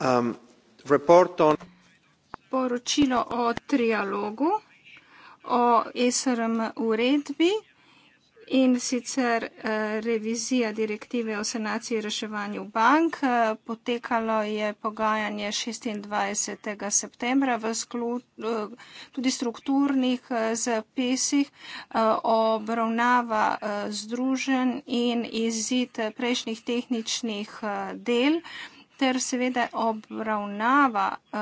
Um, poročilo o trialogu, o ESRM uredbi in sicer eh, revizija direktive o sanaciji in reševanju bank. Eh, potekalo je pogajanje 26. septembra v sklu, eh, tudi strukturnih zapisih obravnava združen in izid prejšnjih tehničnih del ter seveda obravnava uh,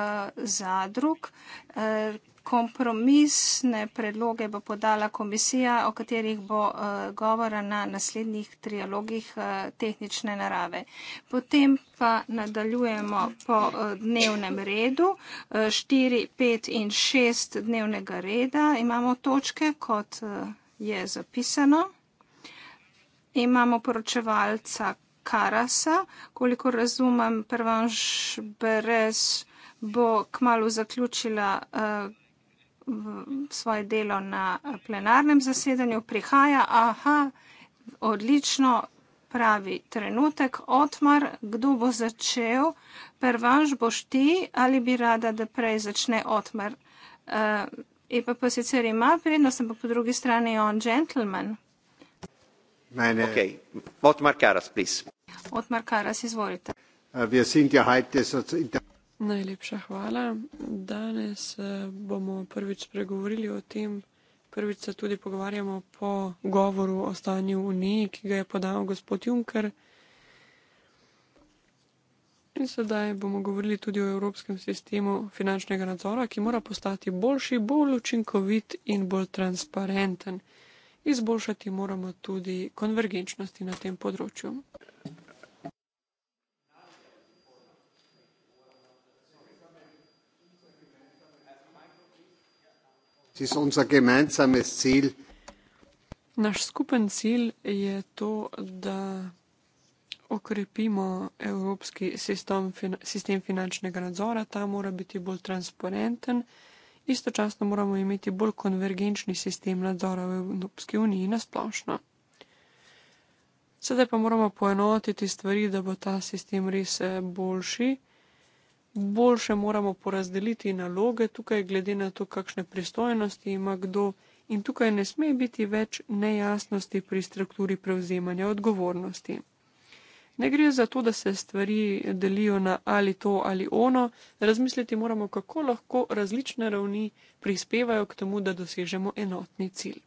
zadrug. Uh, kompromisne predloge bo podala komisija, o katerih bo uh, govora na naslednjih trialogih uh, tehnične narave. Potem pa nadaljujemo po uh, dnevnem redu. Uh, 4, 5 in 6 dnevnega reda imamo točke, kot uh, je zapisano. Imamo poročevalca Karasa, koliko razumem, Prvanš Brez bo kmalo zaključila uh, svoje delo na eh, plenarnem zasedanju. Prihaja, aha, odlično, pravi trenutek, Otmar, kdo bo začel? Prvanš boš ti ali bi rada, da prej začne Otmar? Uh, eh, Epa pa sicer ima prednost, ampak po drugi strani je on gentleman. Okay. Otmar Karas, please. Eh, Najlepša hvala. Danes eh, bomo prvič spregovorili o tem, prvič se tudi pogovarjamo po govoru o stanju v Uniji, ki ga je podal gospod Juncker. In sedaj bomo govorili tudi o evropskem sistemu finančnega nadzora, ki mora postati boljši, bolj učinkovit in bolj transparenten. Izboljšati moramo tudi konvergenčnosti na tem področju. Naš skupen cilj je to, da okrepimo evropski sistem, sistem finančnega nadzora. Ta mora biti bolj transparenten. Istočasno moramo imeti bolj konvergenčni sistem nadzora v Evropski uniji nasplošno. Sedaj pa moramo poenotiti stvari, da bo ta sistem res eh, boljši boljše moramo porazdeliti naloge tukaj, glede na to, kakšne pristojnosti ima kdo. In tukaj ne sme biti več nejasnosti pri strukturi prevzemanja odgovornosti. Ne gre za to, da se stvari delijo na ali to ali ono, razmisliti moramo, kako lahko različne ravni prispevajo k temu, da dosežemo enotni cilj.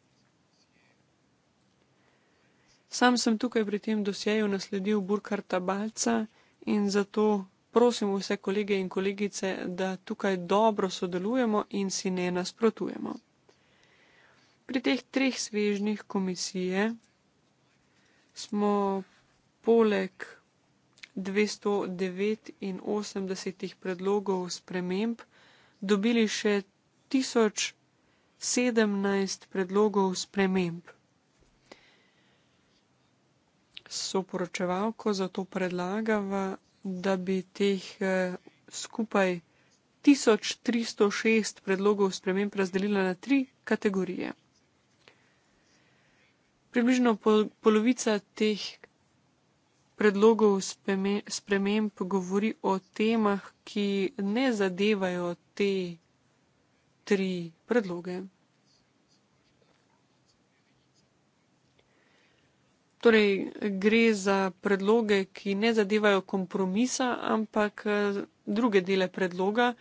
Sam sem tukaj pri tem dosjeju nasledil Burkarta Balca in zato prosim vse kolege in kolegice, da tukaj dobro sodelujemo in si ne nasprotujemo. Pri teh treh svežnih komisije smo poleg 289 predlogov sprememb dobili še 1017 predlogov sprememb. Soporočevalko zato predlagava, da bi teh eh, skupaj 1306 predlogov sprememb razdelila na tri kategorije. Približno polovica teh predlogov sprememb govori o temah, ki ne zadevajo te tri predloge. Torej, gre za predloge, ki ne zadevajo kompromisa, ampak eh, druge dele predloga.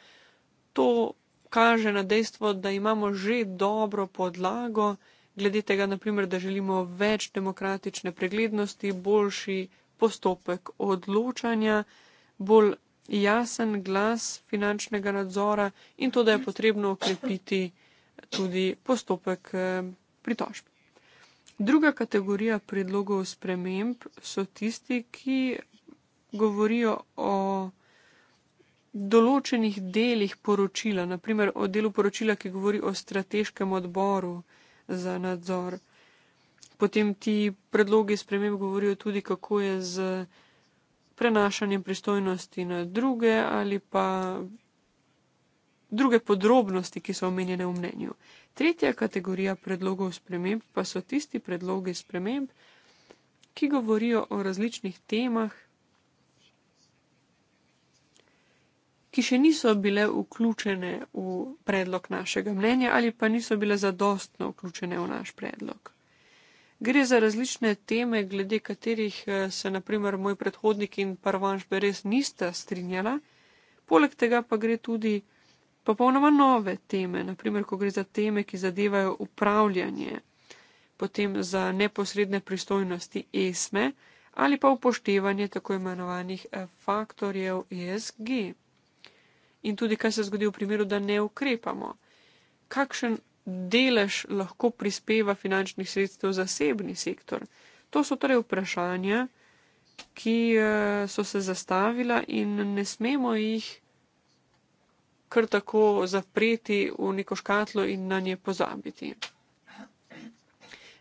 To kaže na dejstvo, da imamo že dobro podlago, glede tega, naprimer, da želimo več demokratične preglednosti, boljši postopek odločanja, bolj jasen glas finančnega nadzora in to, da je potrebno okrepiti tudi postopek eh, pritožb. Druga kategorija predlogov sprememb so tisti, ki govorijo o določenih delih poročila, naprimer o delu poročila, ki govori o strateškem odboru za nadzor. Potem ti predlogi sprememb govorijo tudi, kako je z prenašanjem pristojnosti na druge ali pa druge podrobnosti, ki so omenjene v mnenju. Tretja kategorija predlogov sprememb pa so tisti predlogi sprememb, ki govorijo o različnih temah, ki še niso bile vključene v predlog našega mnenja ali pa niso bile zadostno vključene v naš predlog. Gre za različne teme, glede katerih eh, se naprimer moj predhodnik in prvanš bi res nista strinjala, poleg tega pa gre tudi popolnoma nove teme, naprimer, ko gre za teme, ki zadevajo upravljanje, potem za neposredne pristojnosti ESME ali pa upoštevanje tako imenovanih eh, faktorjev ESG. In tudi, kaj se zgodi v primeru, da ne ukrepamo. Kakšen delež lahko prispeva finančnih sredstev zasebni sektor? To so torej vprašanja, ki eh, so se zastavila in ne smemo jih kar tako zapreti v neko škatlo in na nje pozabiti.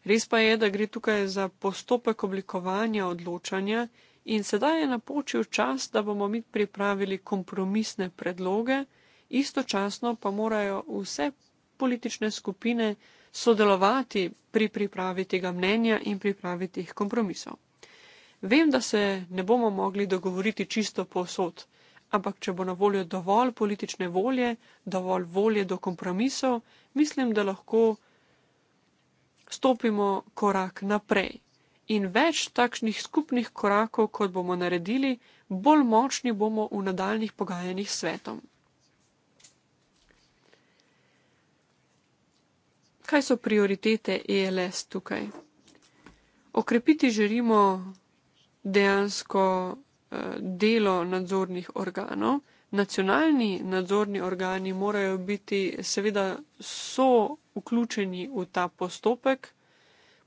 Res pa je, da gre tukaj za postopek oblikovanja odločanja in sedaj je napočil čas, da bomo mi pripravili kompromisne predloge, istočasno pa morajo vse politične skupine sodelovati pri pripravi tega mnenja in pripravi teh kompromisov. Vem, da se ne bomo mogli dogovoriti čisto posod po ampak če bo na voljo dovolj politične volje, dovolj volje do kompromisov, mislim, da lahko stopimo korak naprej. In več takšnih skupnih korakov, kot bomo naredili, bolj močni bomo v nadaljnih pogajanjih s svetom. Kaj so prioritete ELS tukaj? Okrepiti želimo dejansko delo nadzornih organov. Nacionalni nadzorni organi morajo biti seveda so vključeni v ta postopek.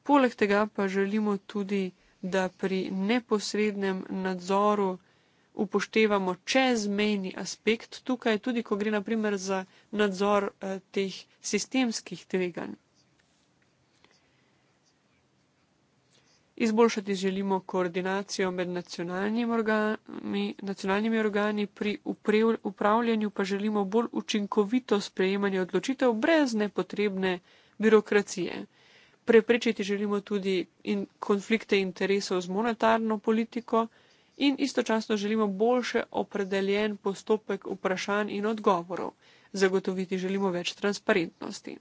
Poleg tega pa želimo tudi, da pri neposrednem nadzoru upoštevamo čezmejni aspekt tukaj, tudi ko gre naprimer za nadzor eh, teh sistemskih tveganj. Izboljšati želimo koordinacijo med organi, nacionalnimi organi, pri upravljanju pa želimo bolj učinkovito sprejemanje odločitev brez nepotrebne birokracije. Preprečiti želimo tudi in konflikte interesov z monetarno politiko in istočasno želimo boljše opredeljen postopek vprašanj in odgovorov. Zagotoviti želimo več transparentnosti.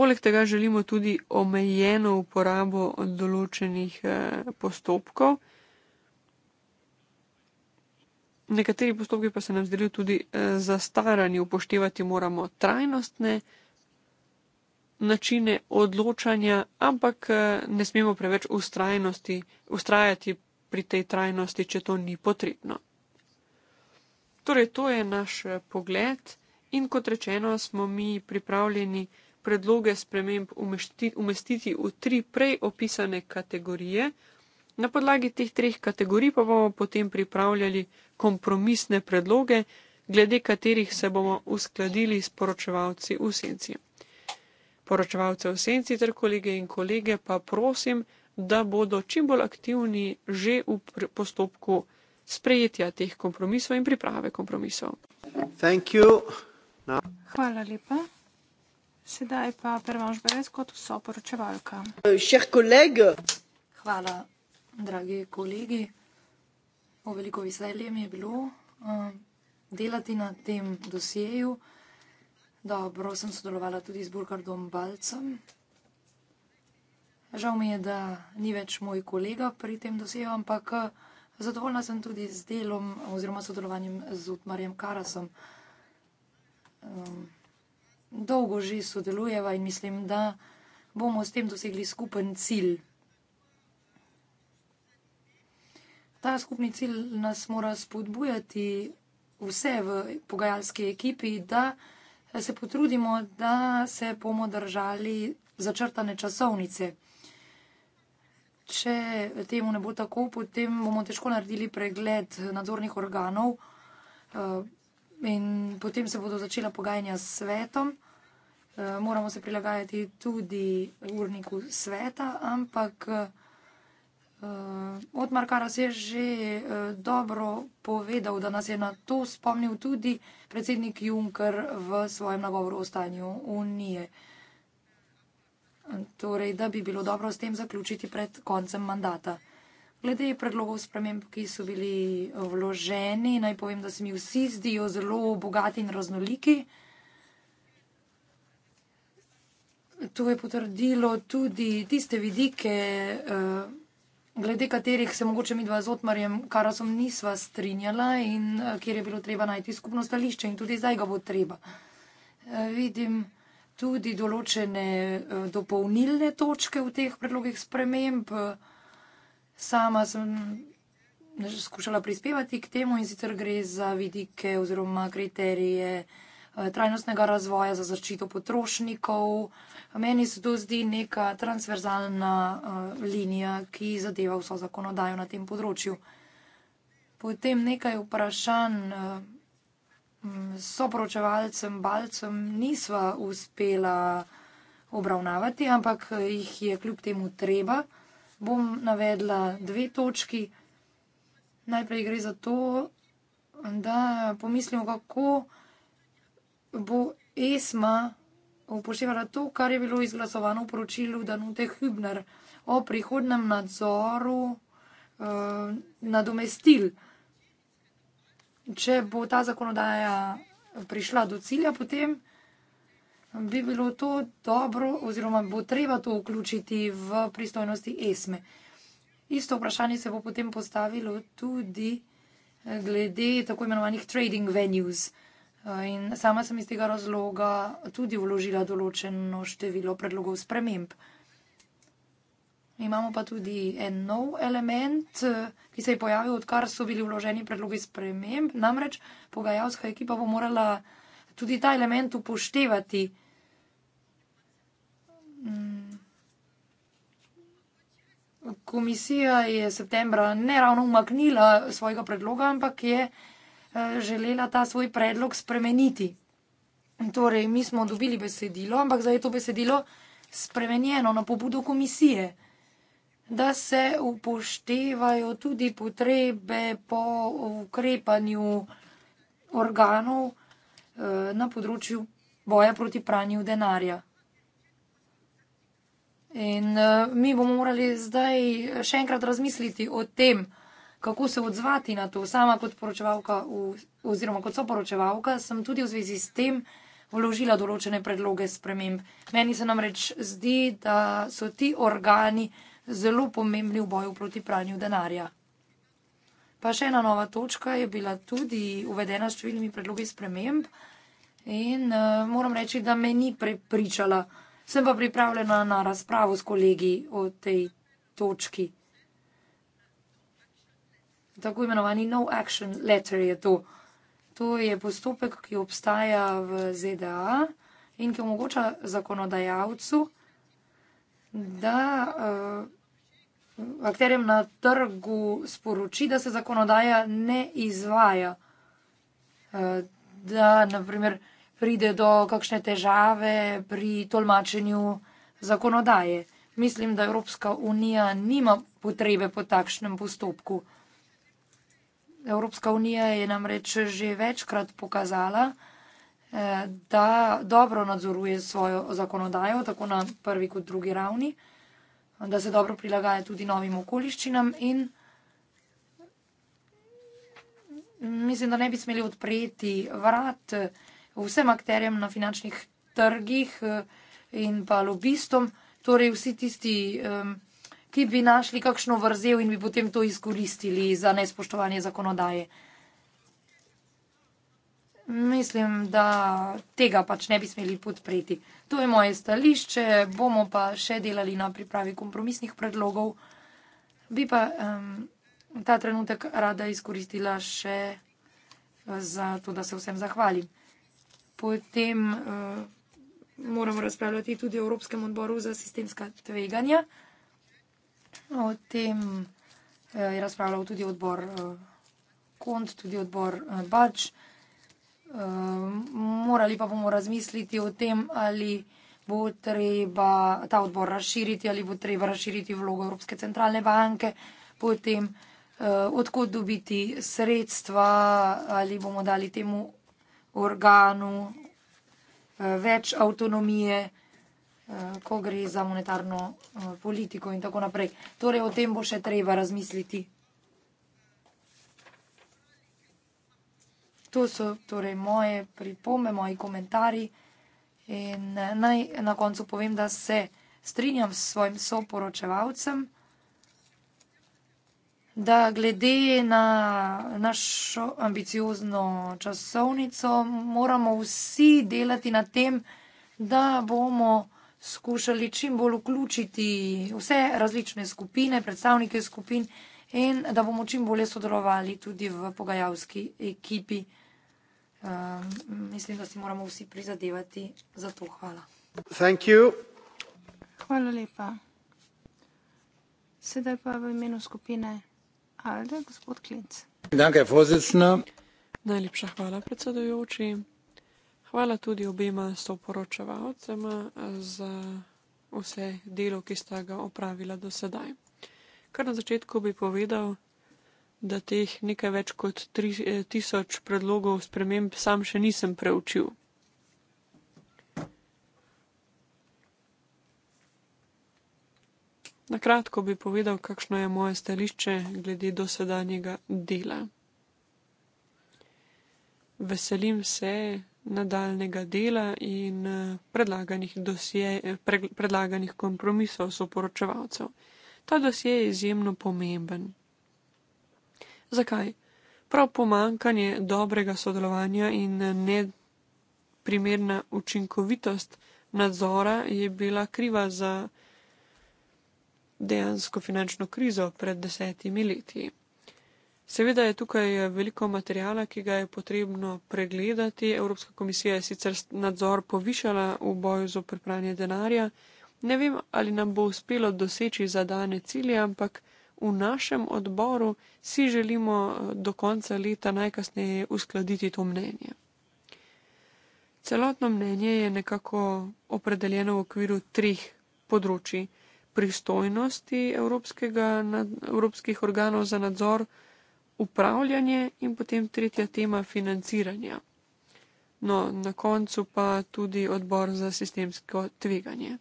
Poleg tega želimo tudi omejeno uporabo določenih eh, postopkov. Nekateri postopki pa se nam zdijo tudi eh, zastarani, upoštevati moramo trajnostne načine odločanja, ampak eh, ne smemo preveč ustrajati pri tej trajnosti, če to ni potrebno. Torej, to je naš pogled in kot rečeno, smo mi pripravljeni predloge sprememb umestiti v tri prej opisane kategorije. Na podlagi teh treh kategorij pa bomo potem pripravljali kompromisne predloge, glede katerih se bomo uskladili s poročevalci v senci. Poročevalce v senci ter kolege in kolege pa prosim, da bodo čim bolj aktivni že v postopku sprejetja teh kompromisov in priprave kompromisov. Hvala lepa. Sedaj pa Pervanš Brez kot vso poročevalka. Šeh koleg. Hvala, dragi kolegi. O veliko veselje mi je bilo eh, delati na tem dosjeju. Dobro sem sodelovala tudi z Burkardom Balcem. Žal mi je, da ni več moj kolega pri tem dosjeju, ampak eh, zadovoljna sem tudi z delom oziroma sodelovanjem z Utmarjem Karasom. Um, dolgo že sodelujeva in mislim, da bomo s tem dosegli skupen cilj. Ta skupni cilj nas mora spodbujati vse v pogajalski ekipi, da se potrudimo, da se bomo držali začrtane časovnice. Če temu ne bo tako, potem bomo težko naredili pregled nadzornih organov, eh, in potem se bodo začela pogajanja s svetom. Eh, moramo se prilagajati tudi urniku sveta, ampak eh, od Markara se je že eh, dobro povedal, da nas je na to spomnil tudi predsednik Juncker v svojem nagovoru o stanju Unije. Torej, da bi bilo dobro s tem zaključiti pred koncem mandata. Glede predlogov sprememb, ki so bili vloženi, naj povem, da se mi vsi zdijo zelo bogati in raznoliki. To je potrdilo tudi tiste vidike, eh, glede katerih se mogoče mi dva z Otmarjem Karasom nisva strinjala in eh, kjer je bilo treba najti skupno stališče in tudi zdaj ga bo treba. Eh, vidim tudi določene dopolnilne točke v teh predlogih sprememb sama sem skušala prispevati k temu in sicer gre za vidike oziroma kriterije eh, trajnostnega razvoja za zaščito potrošnikov. Meni se to zdi neka transverzalna eh, linija, ki zadeva vso zakonodajo na tem področju. Potem nekaj vprašanj eh, soporočevalcem Balcem nisva uspela obravnavati, ampak jih je kljub temu treba bom navedla dve točki. Najprej gre za to, da pomislimo, kako bo ESMA upoštevala to, kar je bilo izglasovano v poročilu Danute Hübner o prihodnem nadzoru eh, nadomestil. Če bo ta zakonodaja prišla do cilja, potem bi bilo to dobro oziroma bo treba to vključiti v pristojnosti ESME. Isto vprašanje se bo potem postavilo tudi eh, glede tako imenovanih trading venues. Eh, in sama sem iz tega razloga tudi vložila določeno število predlogov sprememb. Imamo pa tudi en nov element, eh, ki se je pojavil, odkar so bili vloženi predlogi sprememb. Namreč pogajalska ekipa bo morala tudi ta element upoštevati. Komisija je septembra ne ravno umaknila svojega predloga, ampak je eh, želela ta svoj predlog spremeniti. Torej, mi smo dobili besedilo, ampak zdaj je to besedilo spremenjeno na pobudo komisije, da se upoštevajo tudi potrebe po ukrepanju organov eh, na področju boja proti pranju denarja. In uh, mi bomo morali zdaj še enkrat razmisliti o tem, kako se odzvati na to. Sama kot poročevalka, v, oziroma kot soporočevalka, sem tudi v zvezi s tem vložila določene predloge sprememb. Meni se namreč zdi, da so ti organi zelo pomembni v boju proti pranju denarja. Pa še ena nova točka je bila tudi uvedena s številnimi predlogi sprememb in uh, moram reči, da me ni prepričala. Sem pa pripravljena na razpravo s kolegi o tej točki. Tako imenovani no action letter je to. To je postopek, ki obstaja v ZDA in ki omogoča zakonodajalcu, da uh, akterjem na trgu sporoči, da se zakonodaja ne izvaja. Uh, da, naprimer, pride do kakšne težave pri tolmačenju zakonodaje. Mislim, da Evropska unija nima potrebe po takšnem postopku. Evropska unija je namreč že večkrat pokazala, eh, da dobro nadzoruje svojo zakonodajo, tako na prvi kot drugi ravni, da se dobro prilagaja tudi novim okoliščinam in mislim, da ne bi smeli odpreti vrat vsem akterjem na finančnih trgih eh, in pa lobistom, torej vsi tisti, ki bi našli kakšno vrzel in bi potem to izkoristili za nespoštovanje zakonodaje. Mislim, da tega pač ne bi smeli podpreti. To je moje stališče, bomo pa še delali na pripravi kompromisnih predlogov. Bi pa um, ta trenutek rada izkoristila še eh, za to, da se vsem zahvalim potem uh, moramo razpravljati tudi o Evropskem odboru za sistemska tveganja. O tem uh, je razpravljal tudi odbor uh, Kont, tudi odbor uh, Bač. Uh, morali pa bomo razmisliti o tem, ali bo treba ta odbor razširiti, ali bo treba razširiti vlogo Evropske centralne banke, potem uh, odkot dobiti sredstva, ali bomo dali temu organu, eh, več avtonomije, eh, ko gre za monetarno eh, politiko in tako naprej. Torej o tem bo še treba razmisliti. To so torej moje pripombe, moji komentari in naj na koncu povem, da se strinjam s svojim soporočevalcem, da glede na našo ambiciozno časovnico moramo vsi delati na tem, da bomo skušali čim bolj vključiti vse različne skupine, predstavnike skupin in da bomo čim bolje sodelovali tudi v pogajalski ekipi. Uh, mislim, da si moramo vsi prizadevati za to. Hvala. Thank you. Hvala lepa. Sedaj pa v imenu skupine. Najlepša hvala, predsedujoči. Hvala tudi obema soporočevalcema za vse delo, ki sta ga opravila do sedaj. Kar na začetku bi povedal, da teh nekaj več kot tri, eh, tisoč predlogov sprememb sam še nisem preučil. Na kratko bi povedal, kakšno je moje stališče glede dosedanjega dela. Veselim se nadaljnega dela in eh, predlaganih, dosje, eh, predlaganih kompromisov soporočevalcev. Ta dosje je izjemno pomemben. Zakaj? Prav pomankanje dobrega sodelovanja in eh, neprimerna učinkovitost nadzora je bila kriva za dejansko finančno krizo pred desetimi leti. Seveda je tukaj veliko materijala, ki ga je potrebno pregledati. Evropska komisija je sicer nadzor povišala v boju z opranje denarja. Ne vem, ali nam bo uspelo doseči zadane cilje, ampak v našem odboru si želimo eh, do konca leta najkasneje uskladiti to mnenje. Celotno mnenje je nekako opredeljeno v okviru treh področji pristojnosti nad, evropskih organov za nadzor, upravljanje in potem tretja tema financiranja. No, na koncu pa tudi odbor za sistemsko tveganje.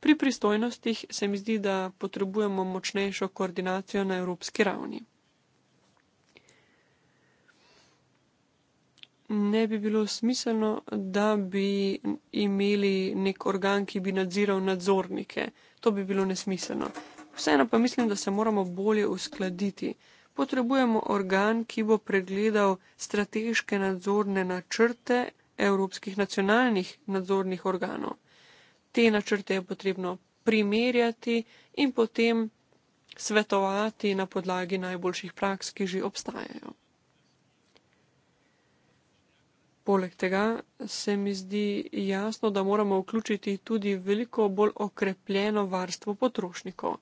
Pri pristojnostih se mi zdi, da potrebujemo močnejšo koordinacijo na evropski ravni. ne bi bilo smiselno, da bi imeli nek organ, ki bi nadziral nadzornike. To bi bilo nesmiselno. Vseeno pa mislim, da se moramo bolje uskladiti. Potrebujemo organ, ki bo pregledal strateške nadzorne načrte evropskih nacionalnih nadzornih organov. Te načrte je potrebno primerjati in potem svetovati na podlagi najboljših praks, ki že obstajajo. Poleg tega se mi zdi jasno, da moramo vključiti tudi veliko bolj okrepljeno varstvo potrošnikov.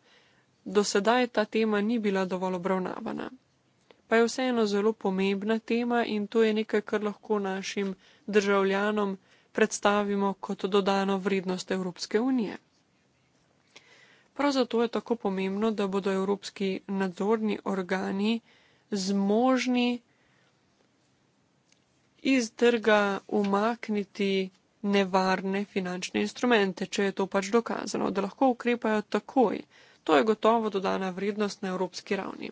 Do sedaj ta tema ni bila dovolj obravnavana. Pa je vseeno zelo pomembna tema in to je nekaj, kar lahko našim državljanom predstavimo kot dodano vrednost Evropske unije. Prav zato je tako pomembno, da bodo evropski nadzorni organi zmožni iz trga umakniti nevarne finančne instrumente, če je to pač dokazano, da lahko ukrepajo takoj. To je gotovo dodana vrednost na evropski ravni.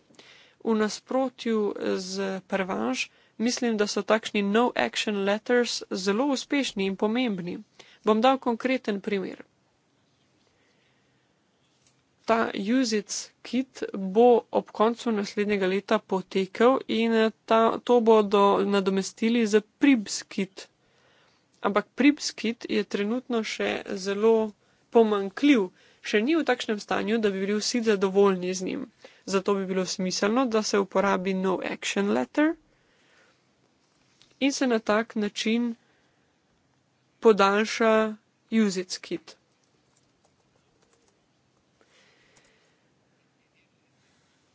V nasprotju z prvanž, mislim, da so takšni no action letters zelo uspešni in pomembni. Bom dal konkreten primer ta UZIT kit bo ob koncu naslednjega leta potekel in eh, ta, to bodo nadomestili z PRIBS kit. Ampak PRIBS kit je trenutno še zelo pomankljiv, še ni v takšnem stanju, da bi bili vsi zadovoljni z njim. Zato bi bilo smiselno, da se uporabi no action letter in se na tak način podaljša UZIT kit.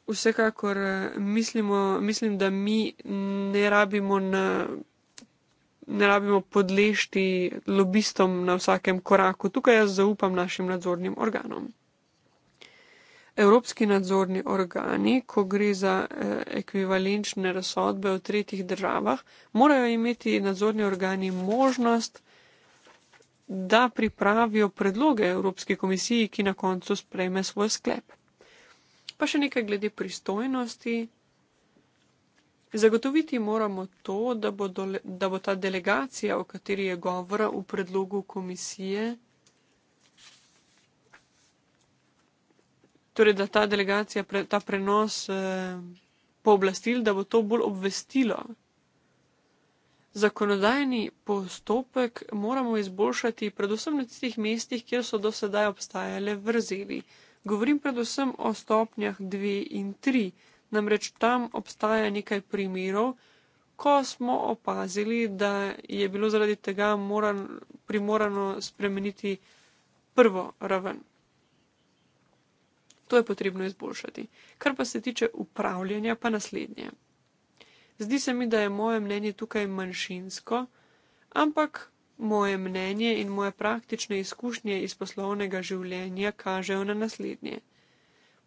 vsekakor eh, mislimo, mislim, da mi ne rabimo, rabimo podlešti lobistom na vsakem koraku. Tukaj jaz zaupam našim nadzornim organom. Evropski nadzorni organi, ko gre za eh, ekvivalenčne razsodbe v tretjih državah, morajo imeti nadzorni organi možnost, da pripravijo predloge Evropske komisiji, ki na koncu sprejme svoj sklep pa še nekaj glede pristojnosti. Zagotoviti moramo to, da bo, dole, da bo ta delegacija, o kateri je govora v predlogu komisije, torej da ta delegacija, pre, ta prenos eh, pooblastil, da bo to bolj obvestilo. Zakonodajni postopek moramo izboljšati predvsem na tistih mestih, kjer so do sedaj obstajale vrzeli. Govorim predvsem o stopnjah 2 in 3, namreč tam obstaja nekaj primerov, ko smo opazili, da je bilo zaradi tega moran, primorano spremeniti prvo raven. To je potrebno izboljšati. Kar pa se tiče upravljanja, pa naslednje. Zdi se mi, da je moje mnenje tukaj manjšinsko, ampak Moje mnenje in moje praktične izkušnje iz poslovnega življenja kažejo na naslednje.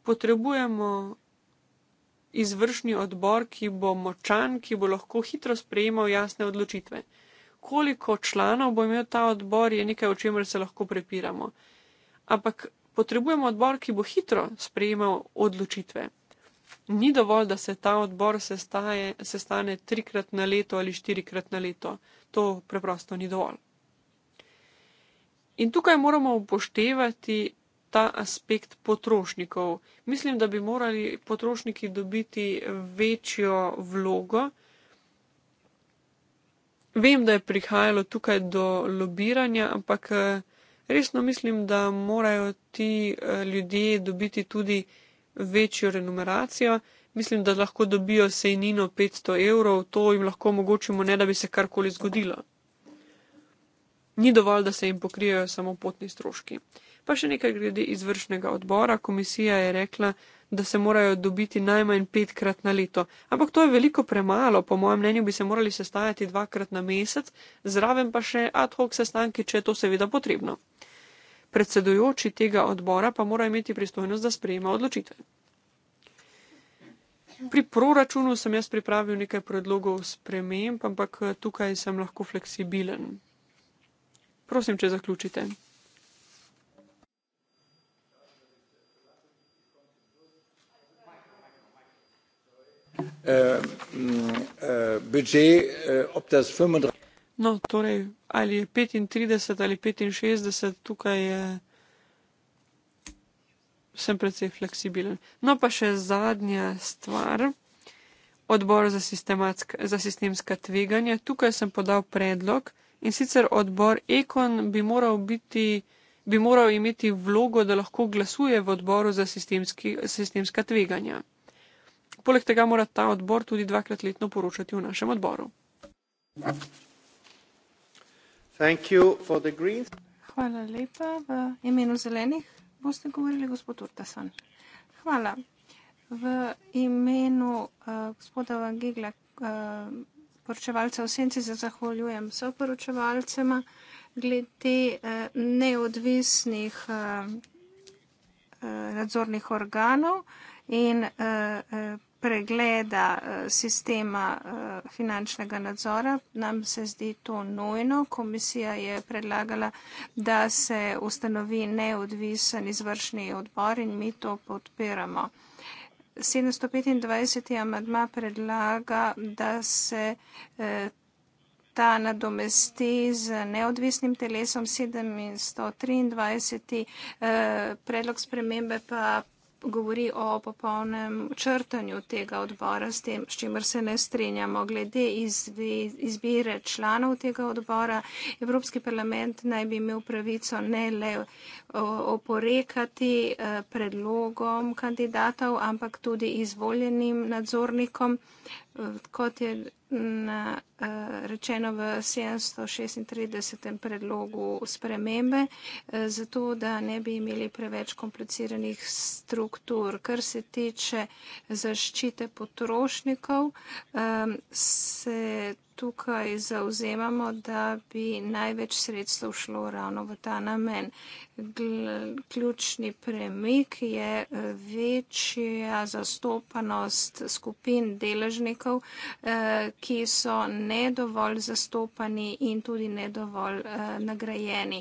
Potrebujemo izvršni odbor, ki bo močan, ki bo lahko hitro sprejemal jasne odločitve. Koliko članov bo imel ta odbor, je nekaj, o čemer se lahko prepiramo. Ampak potrebujemo odbor, ki bo hitro sprejemal odločitve ni dovolj, da se ta odbor sestaje, sestane trikrat na leto ali štirikrat na leto. To preprosto ni dovolj. In tukaj moramo upoštevati ta aspekt potrošnikov. Mislim, da bi morali potrošniki dobiti večjo vlogo. Vem, da je prihajalo tukaj do lobiranja, ampak eh, resno mislim, da morajo ti eh, ljudje dobiti tudi večjo renumeracijo. Mislim, da lahko dobijo sejnino 500 evrov, to jim lahko omogočimo, ne da bi se karkoli zgodilo. Ni dovolj, da se jim pokrijejo samo potni stroški. Pa še nekaj glede izvršnega odbora. Komisija je rekla, da se morajo dobiti najmanj petkrat na leto. Ampak to je veliko premalo. Po mojem mnenju bi se morali sestajati dvakrat na mesec, zraven pa še ad hoc sestanki, če je to seveda potrebno predsedujoči tega odbora pa mora imeti pristojnost, da sprejema odločitve. Pri proračunu sem jaz pripravil nekaj predlogov sprememb, ampak eh, tukaj sem lahko fleksibilen. Prosim, če zaključite. Uh, eh, um, mm, uh, eh, budget uh, ob das 35. No, torej, ali je 35 ali 65, tukaj je. Sem precej fleksibilen. No, pa še zadnja stvar, odbor za, za sistemska tveganja. Tukaj sem podal predlog in sicer odbor Ekon bi moral, biti, bi moral imeti vlogo, da lahko glasuje v odboru za sistemska tveganja. Poleg tega mora ta odbor tudi dvakrat letno poročati v našem odboru. Ja. Hvala lepa. V imenu zelenih boste govorili gospod Urtasan. Hvala. V imenu uh, gospoda Vangigla, uh, eh, poročevalca v senci, se zahvaljujem so poročevalcema glede uh, neodvisnih uh, uh, nadzornih organov in uh, uh, pregleda eh, sistema eh, finančnega nadzora. Nam se zdi to nojno. Komisija je predlagala, da se ustanovi neodvisen izvršni odbor in mi to podpiramo. 725. amadma predlaga, da se eh, ta nadomesti z neodvisnim telesom 723. predlog spremembe pa govori o popolnem črtanju tega odbora, s tem, s čimer se ne strenjamo. Glede izbire članov tega odbora, Evropski parlament naj bi imel pravico ne le oporekati eh, predlogom kandidatov, ampak tudi izvoljenim nadzornikom, eh, kot je na, eh, rečeno v 736. predlogu spremembe, eh, zato da ne bi imeli preveč kompliciranih struktur. Kar se tiče zaščite potrošnikov, eh, se tukaj zauzemamo, da bi največ sredstev šlo ravno v ta namen. Ključni premik je večja zastopanost skupin deležnikov, ki so nedovolj zastopani in tudi nedovolj nagrajeni.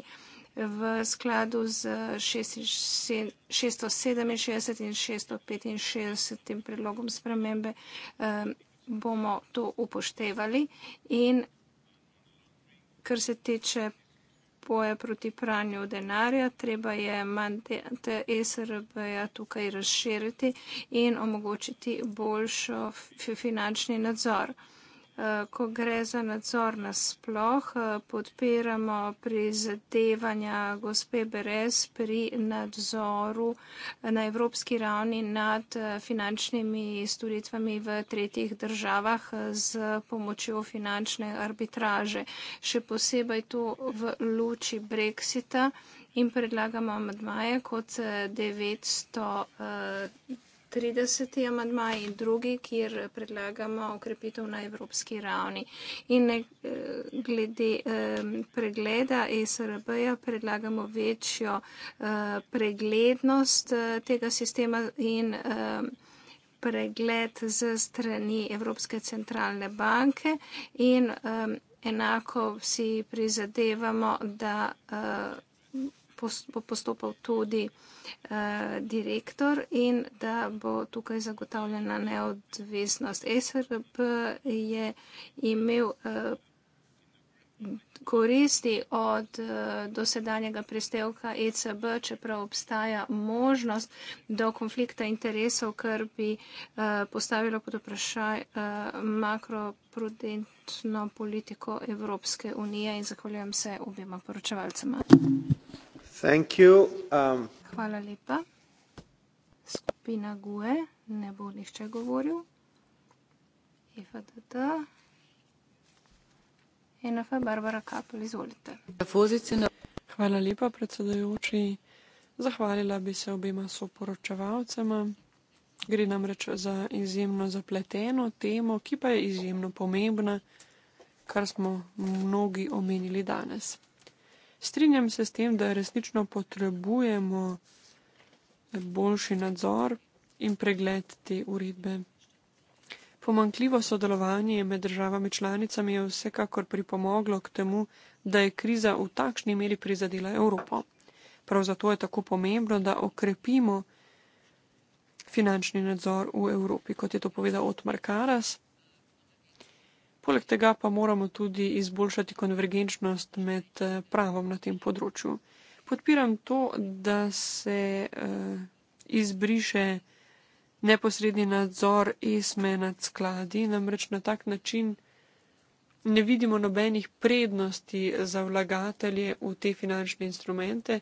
V skladu z 667 in 665 predlogom spremembe bomo to upoštevali in kar se tiče boja proti pranju denarja, treba je mandat SRB-ja tukaj razširiti in omogočiti boljšo finančni nadzor. Eh, ko gre za nadzor nasploh, eh, podpiramo prizadevanja gospe Beres pri nadzoru na evropski ravni nad eh, finančnimi storitvami v tretjih državah z pomočjo finančne arbitraže. Še posebej to v luči Brexita in predlagamo amadmaje kot 900. 30. amandmaj in drugi, kjer predlagamo okrepitev na evropski ravni. In eh, glede pregleda ESRB-ja predlagamo večjo eh, preglednost eh, tega sistema in pregled z strani Evropske centralne banke in um, enako vsi prizadevamo, da uh, bo postopal tudi eh, direktor in da bo tukaj zagotavljena neodvisnost. SRP je imel eh, koristi od eh, dosedanjega prispevka ECB, čeprav obstaja možnost do konflikta interesov, kar bi eh, postavilo pod vprašaj eh, makroprudentno politiko Evropske unije in zahvaljujem se obima poročevalcema. Um, Hvala lepa. Skupina GUE ne bo nihče govoril. EFDD, ENF, Barbara Kapl, izvolite. Hvala lepa, predsedujoči. Zahvalila bi se obema soporočevalcema. Gre namreč za izjemno zapleteno temo, ki pa je izjemno pomembna, kar smo mnogi omenili danes strinjam se s tem, da resnično potrebujemo boljši nadzor in pregled te uredbe. Pomankljivo sodelovanje med državami članicami je vsekakor pripomoglo k temu, da je kriza v takšni meri prizadela Evropo. Prav zato je tako pomembno, da okrepimo finančni nadzor v Evropi, kot je to povedal Otmar Karas, Poleg tega pa moramo tudi izboljšati konvergenčnost med eh, pravom na tem področju. Podpiram to, da se uh, izbriše neposredni nadzor ESME nad skladi, namreč na tak način ne vidimo nobenih prednosti za vlagatelje v te finančne instrumente,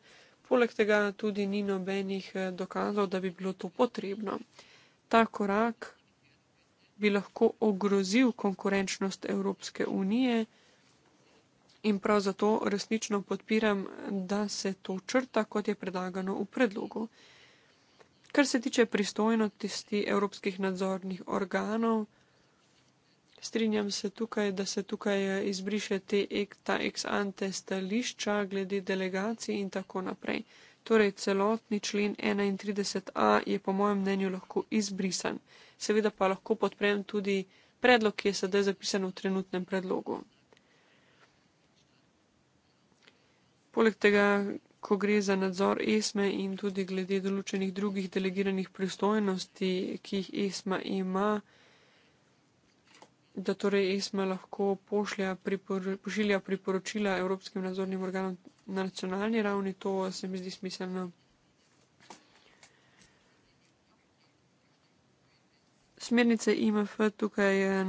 poleg tega tudi ni nobenih eh, dokazov, da bi bilo to potrebno. Ta korak bi lahko ogrozil konkurenčnost Evropske unije. In prav zato resnično podpiram, da se to črta, kot je predlagano v predlogu. Kar se tiče pristojnosti evropskih nadzornih organov, strinjam se tukaj, da se tukaj eh, izbriše te, ta ex ante stališča glede delegacij in tako naprej. Torej, celotni člen 31a je po mojem mnenju lahko izbrisan seveda pa lahko podprem tudi predlog, ki je sedaj zapisan v trenutnem predlogu. Poleg tega, ko gre za nadzor ESME in tudi glede določenih drugih delegiranih pristojnosti, ki jih ESMA ima, da torej ESMA lahko pošilja priporočila Evropskim nadzornim organom na nacionalni ravni, to se mi zdi smiselno. Smernice IMF tukaj eh,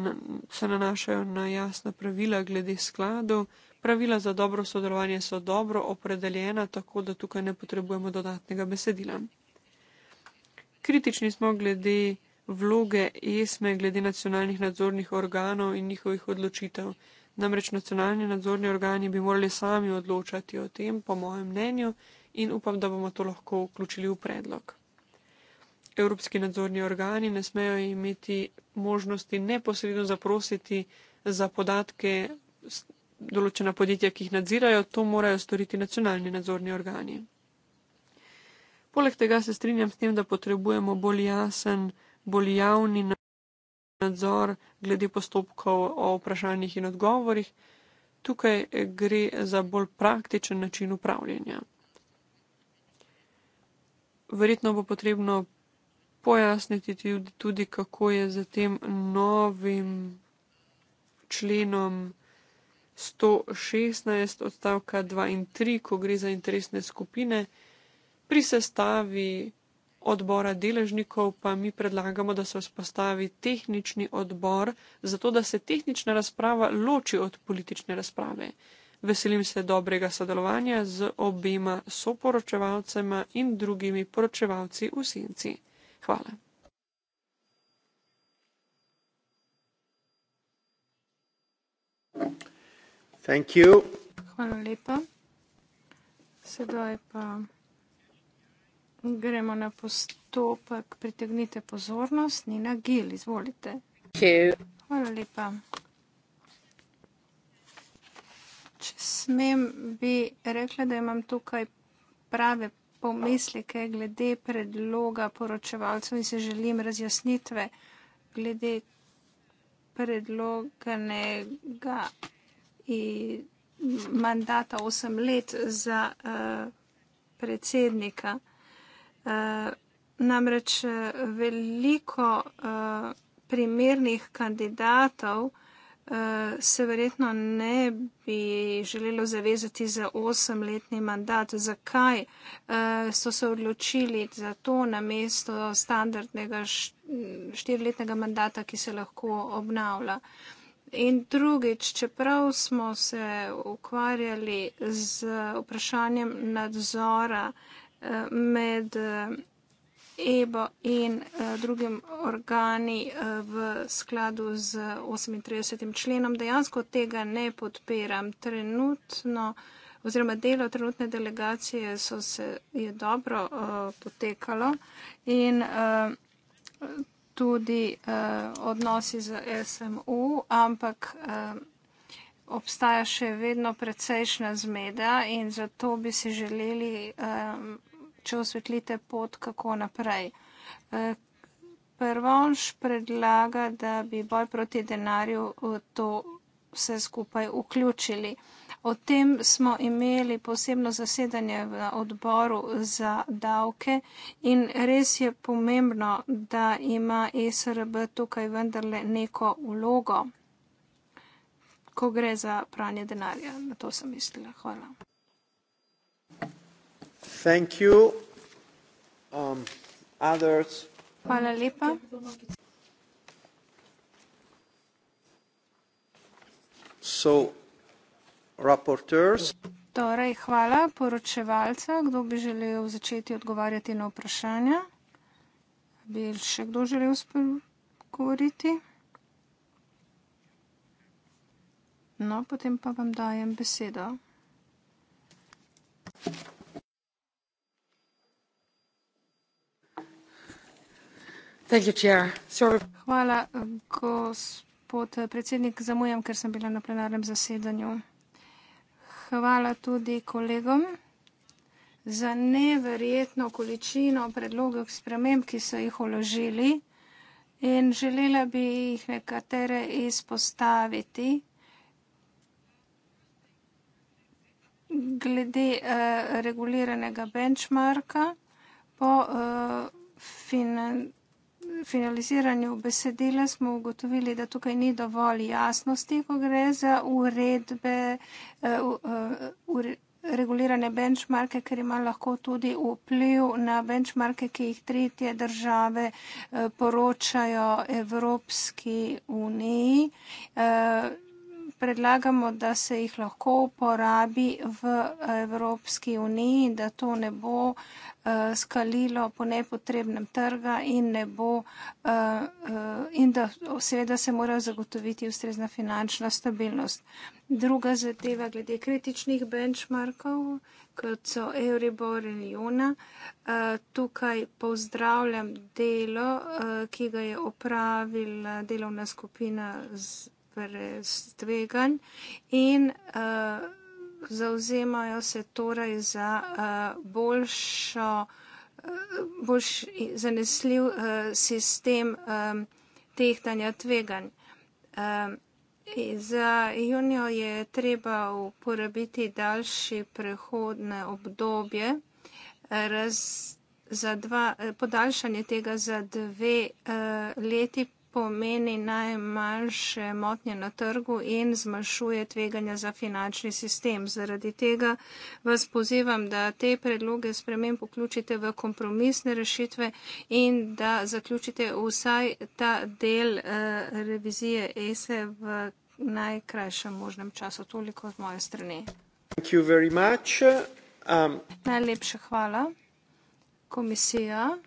se nanašajo na jasna pravila glede skladu. Pravila za dobro sodelovanje so dobro opredeljena, tako da tukaj ne potrebujemo dodatnega besedila. Kritični smo glede vloge ESME, glede nacionalnih nadzornih organov in njihovih odločitev. Namreč nacionalni nadzorni organi bi morali sami odločati o tem, po mojem mnenju, in upam, da bomo to lahko vključili v predlog evropski nadzorni organi ne smejo imeti možnosti neposredno zaprositi za podatke določena podjetja, ki jih nadzirajo, to morajo storiti nacionalni nadzorni organi. Poleg tega se strinjam s tem, da potrebujemo bolj jasen, bolj javni nadzor glede postopkov o vprašanjih in odgovorih. Tukaj gre za bolj praktičen način upravljanja. Verjetno bo potrebno pojasniti tudi, tudi kako je z tem novim členom 116 odstavka 2 in 3, ko gre za interesne skupine, pri sestavi odbora deležnikov pa mi predlagamo, da se vzpostavi tehnični odbor, zato da se tehnična razprava loči od politične razprave. Veselim se dobrega sodelovanja z obema soporočevalcema in drugimi poročevalci v senci. Hvala. Thank you. Hvala lepa. Sedaj pa gremo na postopek. Pritegnite pozornost. Nina Gil, izvolite. Hvala lepa. Če smem, bi rekla, da imam tukaj prave pomisleke glede predloga poročevalcev in se želim razjasnitve glede predloganega mandata 8 let za uh, predsednika. Uh, namreč eh, veliko uh, primernih kandidatov, se verjetno ne bi želelo zavezati za osemletni mandat. Zakaj eh, so se odločili za to namesto standardnega štirletnega mandata, ki se lahko obnavlja? In drugič, čeprav smo se ukvarjali z vprašanjem nadzora eh, med EBA in uh, drugim organi uh, v skladu z 38. členom. Dejansko tega ne podpiram. Trenutno oziroma delo trenutne delegacije so se je dobro uh, potekalo in uh, tudi uh, odnosi z SMU, ampak. Uh, Obstaja še vedno precejšna zmeda in zato bi si želeli um, če osvetlite pot, kako naprej. Eh, Prvonš predlaga, da bi boj proti denarju to vse skupaj vključili. O tem smo imeli posebno zasedanje v odboru za davke in res je pomembno, da ima e SRB tukaj vendarle neko vlogo, ko gre za pranje denarja. Na to sem mislila. Hvala. Thank you. Um, others? Hvala lepa. So, rapporteurs. Torej, hvala poročevalca. Kdo bi želel začeti odgovarjati na vprašanja? Bi še kdo želel govoriti? No, potem pa vam dajem besedo. Thank you. Hvala, um, gospod eh, predsednik. Zamujam, ker sem bila na plenarnem zasedanju. Hvala tudi kolegom za neverjetno količino predlogov sprememb, ki so jih uložili in želela bi jih nekatere izpostaviti. Glede eh, reguliranega benchmarka po eh, financiranju finaliziranju besedila smo ugotovili, da tukaj ni dovolj jasnosti, ko gre za uredbe, uh, uh, ure, regulirane benchmarke, ker ima lahko tudi vpliv na benchmarke, ki jih tretje države uh, poročajo Evropski uniji. Uh, predlagamo, da se jih lahko uporabi v Evropski uniji, da to ne bo eh, skalilo po nepotrebnem trga in, ne bo, eh, eh, in da seveda se mora zagotoviti ustrezna finančna stabilnost. Druga zadeva glede kritičnih benchmarkov, kot so Euribor in Juna, tukaj pozdravljam delo, ki ga je opravila delovna skupina z kar je stvegan in uh, eh, zauzemajo se torej za uh, boljšo, uh, eh, boljš zanesljiv uh, sistem um, tehtanja tvegan. Um, za junijo je treba uporabiti daljši prehodne obdobje raz, za dva, podaljšanje tega za dve uh, leti pomeni najmanjše motnje na trgu in zmanjšuje tveganja za finančni sistem. Zaradi tega vas pozivam, da te predloge spremem poključite v kompromisne rešitve in da zaključite vsaj ta del uh, revizije ESE v najkrajšem možnem času. Toliko z moje strani. Um... Najlepša hvala. Komisija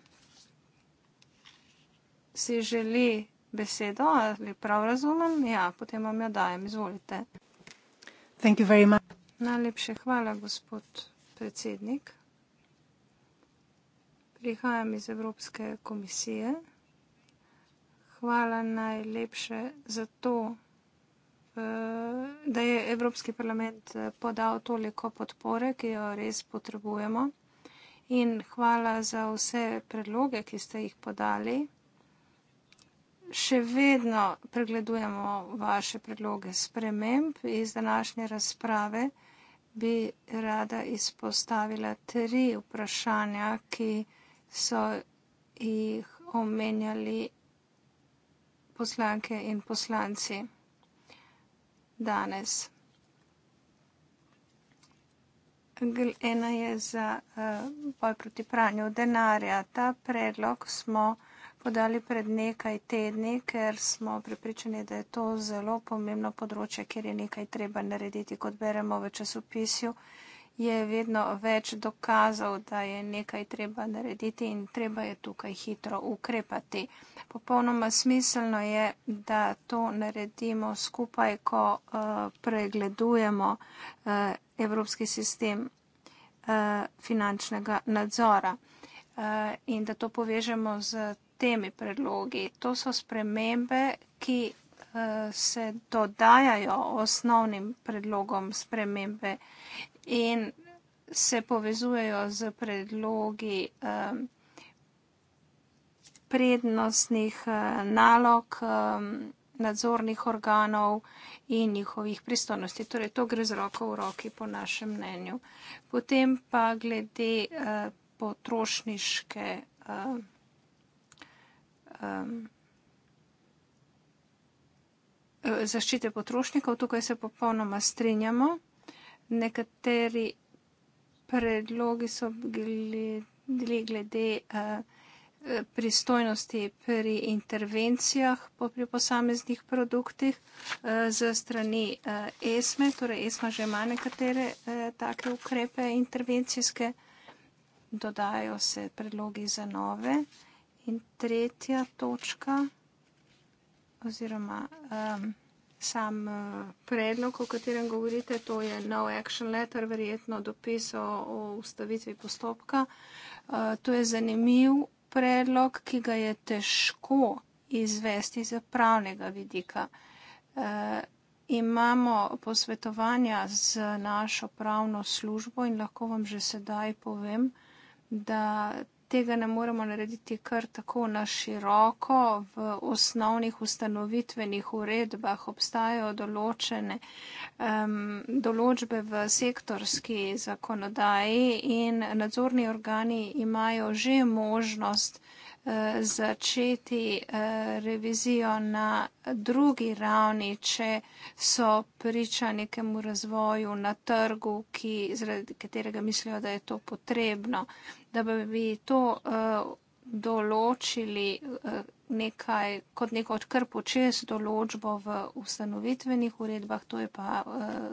si želi besedo, ali prav razumem? Ja, potem vam jo dajem, izvolite. Thank you very much. Najlepše hvala, gospod predsednik. Prihajam iz Evropske komisije. Hvala najlepše za to, eh, da je Evropski parlament eh, podal toliko podpore, ki jo res potrebujemo. In hvala za vse predloge, ki ste jih podali še vedno pregledujemo vaše predloge sprememb iz današnje razprave, bi rada izpostavila tri vprašanja, ki so jih omenjali poslanke in poslanci danes. Ena je za uh, boj proti pranju denarja. Ta predlog smo podali pred nekaj tedni, ker smo pripričani, da je to zelo pomembno področje, kjer je nekaj treba narediti. Kot beremo v časopisju, je vedno več dokazov, da je nekaj treba narediti in treba je tukaj hitro ukrepati. Popolnoma smiselno je, da to naredimo skupaj, ko uh, pregledujemo uh, evropski sistem uh, finančnega nadzora. In da to povežemo z temi predlogi. To so spremembe, ki eh, se dodajajo osnovnim predlogom spremembe in se povezujejo z predlogi eh, prednostnih eh, nalog nadzornih organov in njihovih pristojnosti. Torej, to gre z roko v roki, po našem mnenju. Potem pa glede potrošniške Um, zaščite potrošnikov. Tukaj se popolnoma strinjamo. Nekateri predlogi so bili glede uh, pristojnosti pri intervencijah pri posameznih produktih uh, za strani uh, ESME. Torej ESMA že ima nekatere take ukrepe intervencijske. Dodajo se predlogi za nove. In tretja točka oziroma um, sam eh, predlog, o katerem govorite, to je no action letter, verjetno dopis o, o ustavitvi postopka. Uh, to je zanimiv predlog, ki ga je težko izvesti z pravnega vidika. Uh, imamo posvetovanja z našo pravno službo in lahko vam že sedaj povem, da tega ne moremo narediti kar tako na široko. V osnovnih ustanovitvenih uredbah obstajajo določene um, določbe v sektorski zakonodaji in nadzorni organi imajo že možnost, začeti eh, revizijo na drugi ravni, če so priča nekemu razvoju na trgu, ki, zaradi katerega mislijo, da je to potrebno, da bi to eh, določili eh, nekaj, kot neko odkrpočes določbo v ustanovitvenih uredbah, to je pa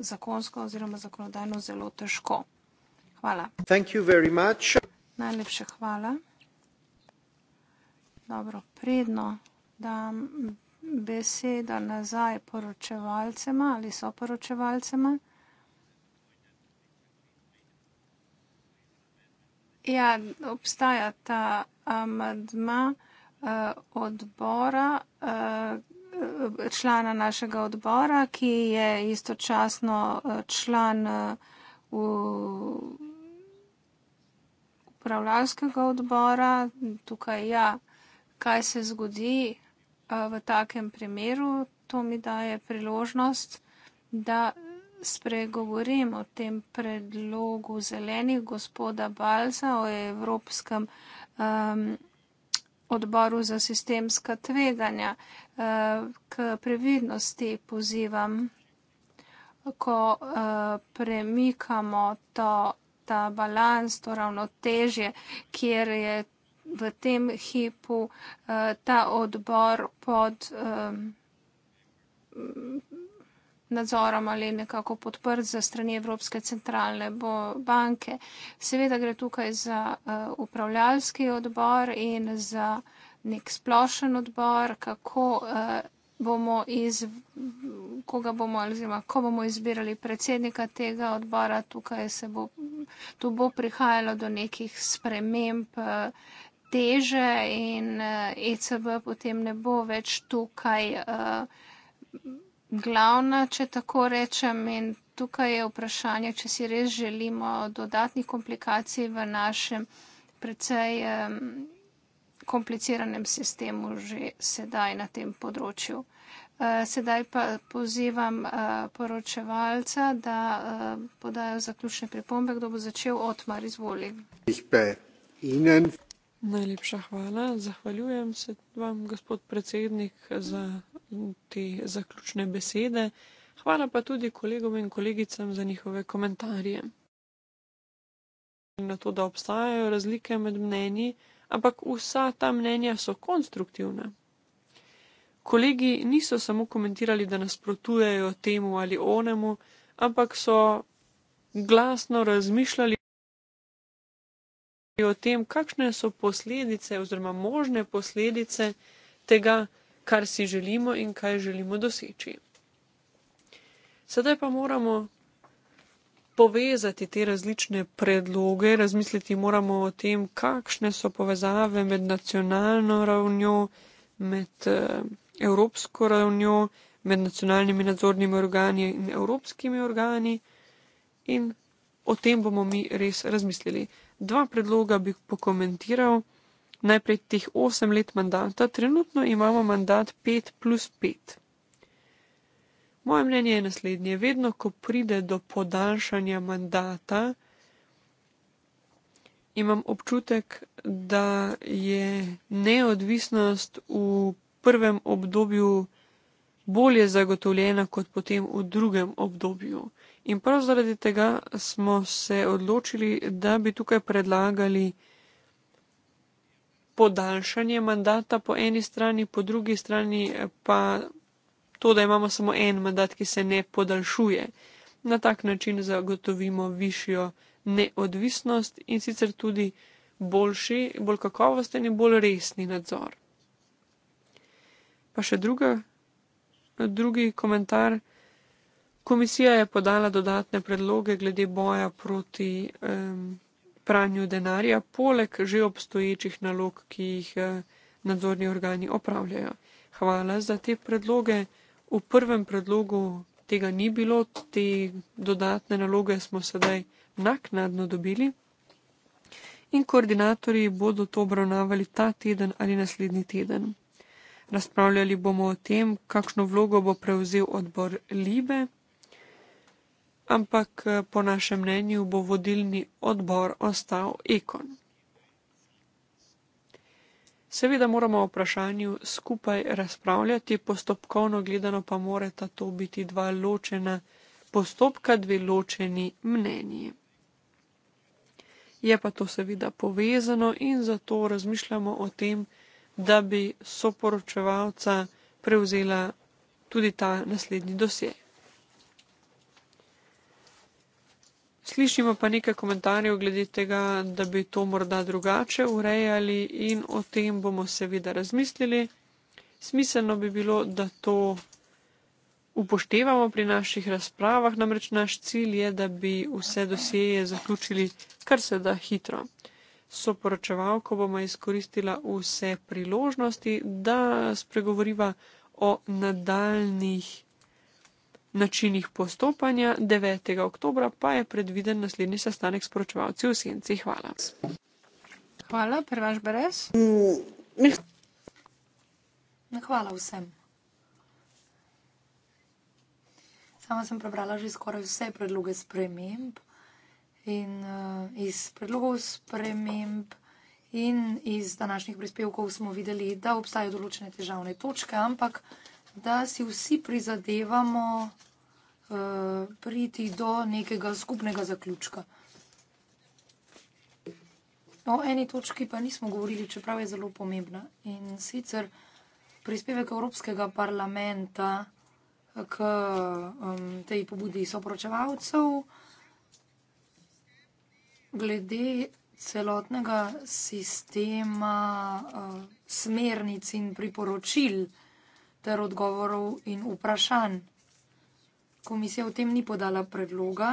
zakonsko oziroma zakonodajno zelo težko. Hvala. Najlepša hvala dobro, predno dam besedo nazaj poročevalcema ali so poročevalcema. Ja, obstaja ta amadma uh, odbora, uh, člana našega odbora, ki je istočasno eh, član uh, upravljalskega odbora. Tukaj ja kaj se zgodi uh, v takem primeru, to mi daje priložnost, da spregovorim o tem predlogu zelenih gospoda Balza o Evropskem um, odboru za sistemska tveganja, uh, k previdnosti pozivam, ko uh, premikamo to, ta balans, to ravnotežje, kjer je v tem hipu uh, ta odbor pod um, nadzorom ali nekako podprt za strani Evropske centralne banke. Seveda gre tukaj za uh, eh, upravljalski odbor in za nek splošen odbor, kako uh, bomo iz, koga bomo, oziroma ko bomo izbirali predsednika tega odbora, tukaj se bo, tu bo prihajalo do nekih sprememb. Uh, teže in ECB eh, e potem ne bo več tukaj eh, glavna, če tako rečem. In tukaj je vprašanje, če si res želimo dodatnih komplikacij v našem precej eh, kompliciranem sistemu že sedaj na tem področju. Sedaj pa pozivam poročevalca, da podajo zaključne pripombe, kdo bo začel, Otmar, izvoli. Najlepša hvala. Zahvaljujem se vam, gospod predsednik, za te zaključne besede. Hvala pa tudi kolegom in kolegicam za njihove komentarje. Na to, da obstajajo razlike med mnenji, ampak vsa ta mnenja so konstruktivna. Kolegi niso samo komentirali, da nasprotujejo temu ali onemu, ampak so glasno razmišljali o tem, kakšne so posledice oziroma možne posledice tega, kar si želimo in kaj želimo doseči. Sedaj pa moramo povezati te različne predloge, razmisliti moramo o tem, kakšne so povezave med nacionalno ravnjo, med eh, evropsko ravnjo, med nacionalnimi nadzornimi organi in evropskimi organi in o tem bomo mi res razmislili. Dva predloga bi pokomentiral. Najprej teh 8 let mandata, trenutno imamo mandat 5 plus 5. Moje mnenje je naslednje: vedno, ko pride do podaljšanja mandata, imam občutek, da je neodvisnost v prvem obdobju bolje zagotovljena kot potem v drugem obdobju. In prav zaradi tega smo se odločili, da bi tukaj predlagali podaljšanje mandata po eni strani, po drugi strani pa to, da imamo samo en mandat, ki se ne podaljšuje. Na tak način zagotovimo višjo neodvisnost in sicer tudi boljši, bolj kakovosten in bolj resni nadzor. Pa še druga, drugi komentar. Komisija je podala dodatne predloge glede boja proti um, pranju denarja, poleg že obstoječih nalog, ki jih eh, nadzorni organi opravljajo. Hvala za te predloge. V prvem predlogu tega ni bilo, te dodatne naloge smo sedaj naknadno dobili. In koordinatorji bodo to obravnavali ta teden ali naslednji teden. Razpravljali bomo o tem, kakšno vlogo bo prevzel odbor Libe ampak eh, po našem mnenju bo vodilni odbor ostal ikon. Seveda moramo o vprašanju skupaj razpravljati, postopkovno gledano pa moreta to biti dva ločena postopka, dve ločeni mnenji. Je pa to seveda povezano in zato razmišljamo o tem, da bi soporočevalca prevzela tudi ta naslednji dosje. Slišimo pa nekaj komentarjev glede tega, da bi to morda drugače urejali in o tem bomo seveda razmislili. Smiselno bi bilo, da to upoštevamo pri naših razpravah, namreč naš cilj je, da bi vse dosjeje zaključili kar se da hitro. Soporočevalko bomo izkoristila vse priložnosti, da spregovoriva o nadaljnih načinih postopanja. 9. oktober pa je predviden naslednji sestanek s poročevalci v Senci. Hvala. Hvala, prvaš brez. No, hvala vsem. Sama sem prebrala že skoraj vse predloge sprememb in uh, iz predlogov sprememb in iz današnjih prispevkov smo videli, da obstajajo določene težavne točke, ampak uh, da si vsi prizadevamo uh, priti do nekega skupnega zaključka. O eni točki pa nismo govorili, čeprav je zelo pomembna. In sicer prispevek Evropskega parlamenta eh, k um, tej pobudi soporočevalcev glede celotnega sistema uh, smernic in priporočil ter odgovorov in vprašanj. Komisija v tem ni podala predloga,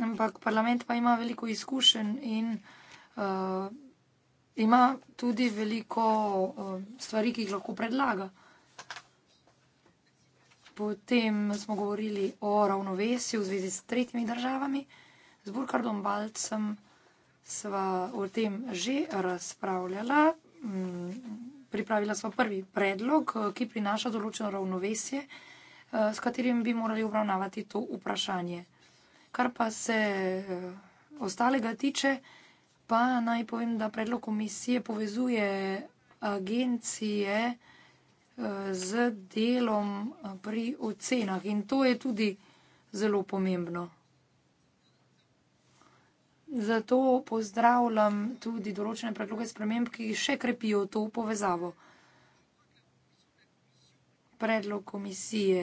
ampak parlament pa ima veliko izkušenj in uh, ima tudi veliko uh, stvari, ki jih lahko predlaga. Potem smo govorili o ravnovesju v zvezi s tretjimi državami. Z Burkardom Balcem sva o tem že razpravljala. Mm pripravila smo prvi predlog, eh, ki prinaša določeno ravnovesje, eh, s katerim bi morali obravnavati to vprašanje. Kar pa se eh, ostalega tiče, pa naj povem, da predlog komisije povezuje agencije z delom pri ocenah in to je tudi zelo pomembno. Zato pozdravljam tudi določene predloge sprememb, ki še krepijo to povezavo. Predlog komisije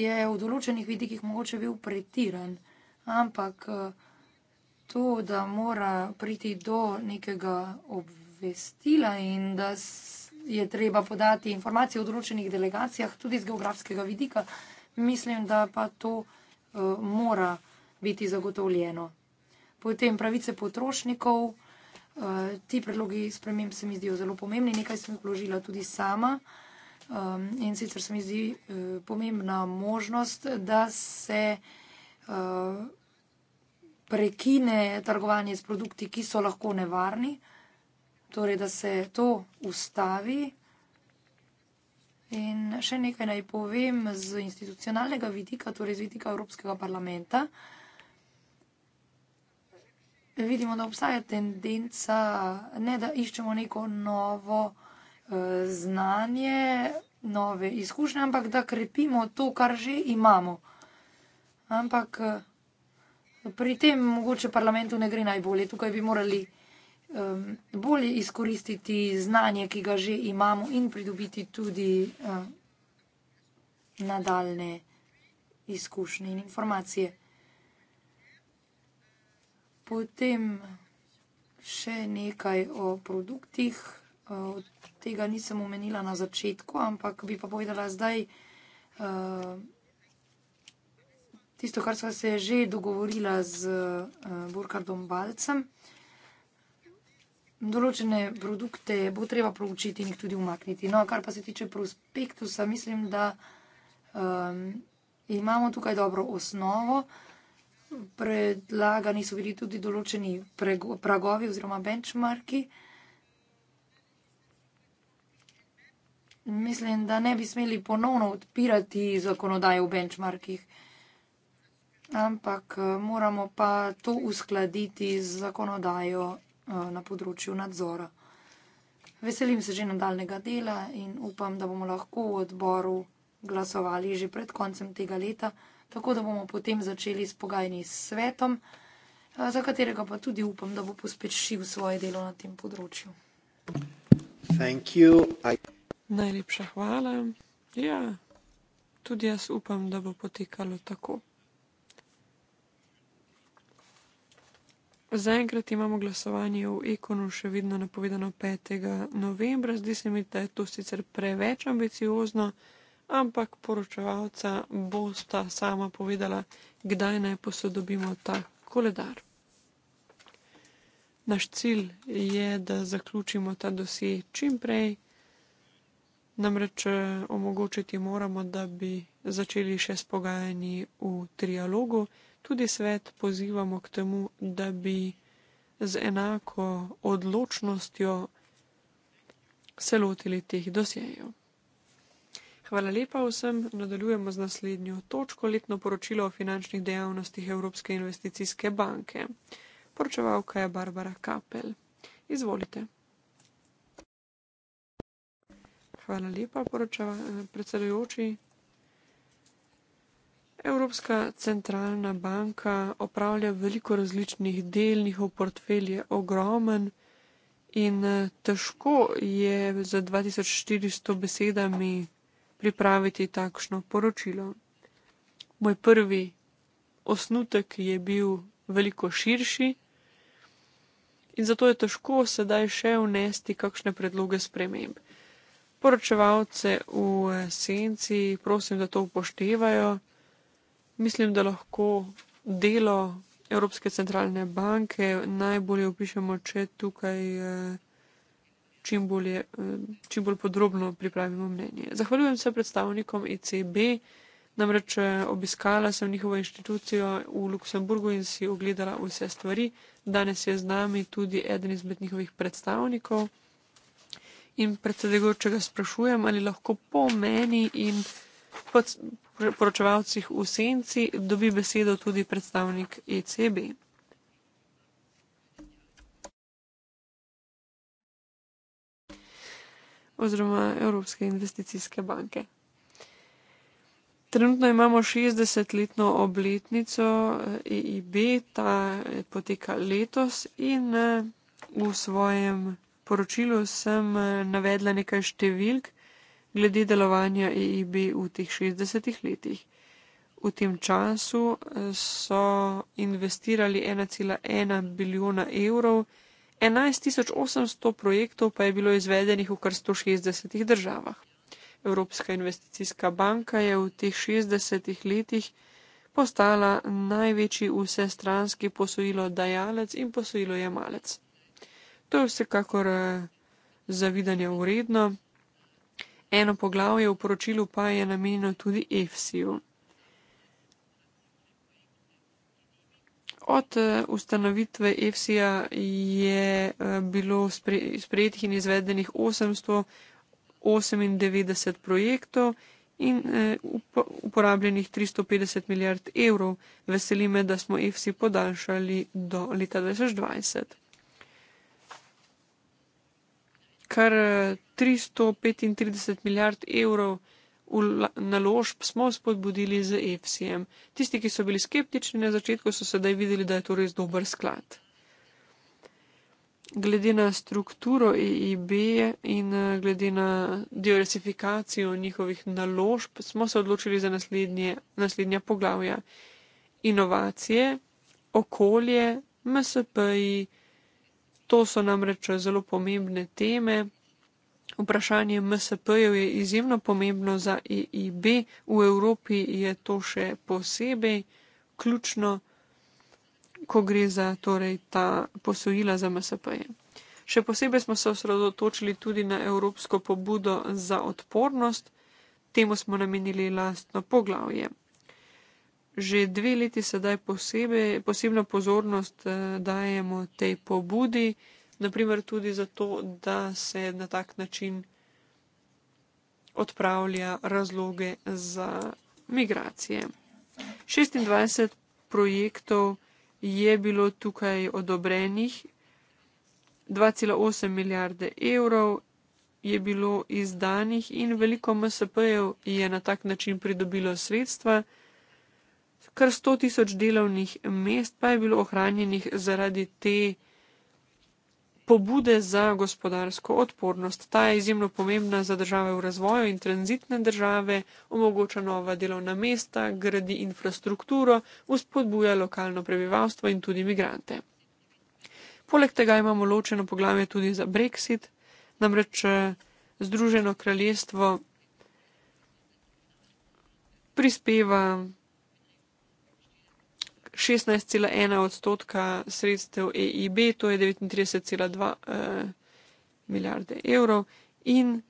je v določenih vidikih mogoče bil pretiran, ampak eh, to, da mora priti do nekega obvestila in da je treba podati informacije o določenih delegacijah, tudi z geografskega vidika, mislim, da pa to uh, mora biti zagotovljeno. Potem pravice potrošnikov. Eh, ti predlogi sprememb se mi zdijo zelo pomembni. Nekaj sem jih vložila tudi sama. Eh, in sicer se mi zdi eh, pomembna možnost, da se prekine trgovanje s produkti, ki so lahko nevarni. Torej, da se to ustavi. In še nekaj naj povem z institucionalnega vidika, torej z vidika Evropskega parlamenta vidimo, da obstaja tendenca, ne da iščemo neko novo e, znanje, nove izkušnje, ampak da krepimo to, kar že imamo. Ampak eh, pri tem mogoče parlamentu ne gre najbolje. Tukaj bi morali um, bolje izkoristiti znanje, ki ga že imamo in pridobiti tudi um, eh, nadaljne izkušnje in informacije. Potem še nekaj o produktih. Eh, tega nisem omenila na začetku, ampak bi pa povedala zdaj eh, tisto, kar sva se že dogovorila z eh, Burkardom Balcem. Določene produkte bo treba proučiti in jih tudi umakniti. No, kar pa se tiče prospektusa, mislim, da um, imamo tukaj dobro osnovo. Uh, predlagani so bili tudi določeni pragovi oziroma benchmarki. Mislim, da ne bi smeli ponovno odpirati zakonodaje v benchmarkih, ampak eh, moramo pa to uskladiti z zakonodajo eh, na področju nadzora. Veselim se že nadaljnega dela in upam, da bomo lahko v odboru glasovali že pred koncem tega leta tako da bomo potem začeli s pogajanji s svetom, eh, za katerega pa tudi upam, da bo pospešil svoje delo na tem področju. I... Najlepša hvala. Ja, tudi jaz upam, da bo potekalo tako. Zaenkrat imamo glasovanje v Ekonu še vedno napovedano 5. novembra. Zdi se mi, da je to sicer preveč ambiciozno ampak poročevalca bosta sama povedala, kdaj naj posodobimo ta koledar. Naš cilj je, da zaključimo ta dosje čim prej, namreč eh, omogočiti moramo, da bi začeli še s pogajanji v trialogu. Tudi svet pozivamo k temu, da bi z enako odločnostjo se lotili teh dosjejev. Hvala lepa vsem. Nadaljujemo z naslednjo točko, letno poročilo o finančnih dejavnostih Evropske investicijske banke. Poročevalka je Barbara Kapel. Izvolite. Hvala lepa, predsedujoči. Evropska centralna banka opravlja veliko različnih delnih, v portfelj je ogromen in eh, težko je z 2400 besedami pripraviti takšno poročilo. Moj prvi osnutek je bil veliko širši in zato je težko sedaj še vnesti kakšne predloge sprememb. Poročevalce v senci prosim, da to upoštevajo. Mislim, da lahko delo Evropske centralne banke najbolje opišemo, če tukaj. Eh, čim, bolje, eh, čim bolj podrobno pripravimo mnenje. Zahvaljujem se predstavnikom ECB, namreč eh, obiskala sem njihovo inštitucijo v Luksemburgu in si ogledala vse stvari. Danes je z nami tudi eden izmed njihovih predstavnikov. In predsedujočega sprašujem, ali lahko po meni in poročevalcih v senci dobi besedo tudi predstavnik ECB. oziroma Evropske investicijske banke. Trenutno imamo 60-letno obletnico EIB, eh, e ta eh, poteka letos in eh, v svojem poročilu sem navedla nekaj številk glede delovanja EIB v teh 60 letih. V tem času so investirali 1,1 bilijona evrov. 11800 projektov pa je bilo izvedenih v kar 160 državah. Evropska investicijska banka je v teh 60 letih postala največji vsestranski posojilo dajalec in posojilo jemalec. To je vsekakor eh, zavidanje vredno. Eno poglavje v poročilu pa je namenjeno tudi EFSI-ju. od eh, ustanovitve EFSI-ja je eh, bilo sprejetih in izvedenih 898 projektov in eh, uporabljenih 350 milijard evrov. Veseli me, da smo EFSI podaljšali do leta 2020. Kar 335 milijard evrov naložb smo spodbudili z EFSI-jem. Tisti, ki so bili skeptični na začetku, so sedaj videli, da je to res dober sklad. Glede na strukturo EIB in glede na diversifikacijo njihovih naložb, smo se odločili za naslednja poglavja: inovacije, okolje, MSP. -ji. To so namreč zelo pomembne teme, Vprašanje MSP-jev je izjemno pomembno za EIB, v Evropi je to še posebej ključno, ko gre za torej, ta posojila za MSP-je. Še posebej smo se osredotočili tudi na Evropsko pobudo za odpornost, temu smo namenili lastno poglavje. Že dve leti sedaj posebej, posebno pozornost eh, dajemo tej pobudi, naprimer tudi zato, da se na tak način odpravlja razloge za migracije. 26 projektov je bilo tukaj odobrenih, 2,8 milijarde evrov je bilo izdanih in veliko MSP-jev je na tak način pridobilo sredstva, kar 100 tisoč delovnih mest pa je bilo ohranjenih zaradi te pobude za gospodarsko odpornost. Ta je izjemno pomembna za države v razvoju in tranzitne države, omogoča nova delovna mesta, gradi infrastrukturo, uspodbuja lokalno prebivalstvo in tudi imigrante. Poleg tega imamo ločeno poglavje tudi za Brexit, namreč eh, Združeno kraljestvo prispeva 16,1 odstotka sredstev EIB, to je 39,2 eh, milijarde evrov. In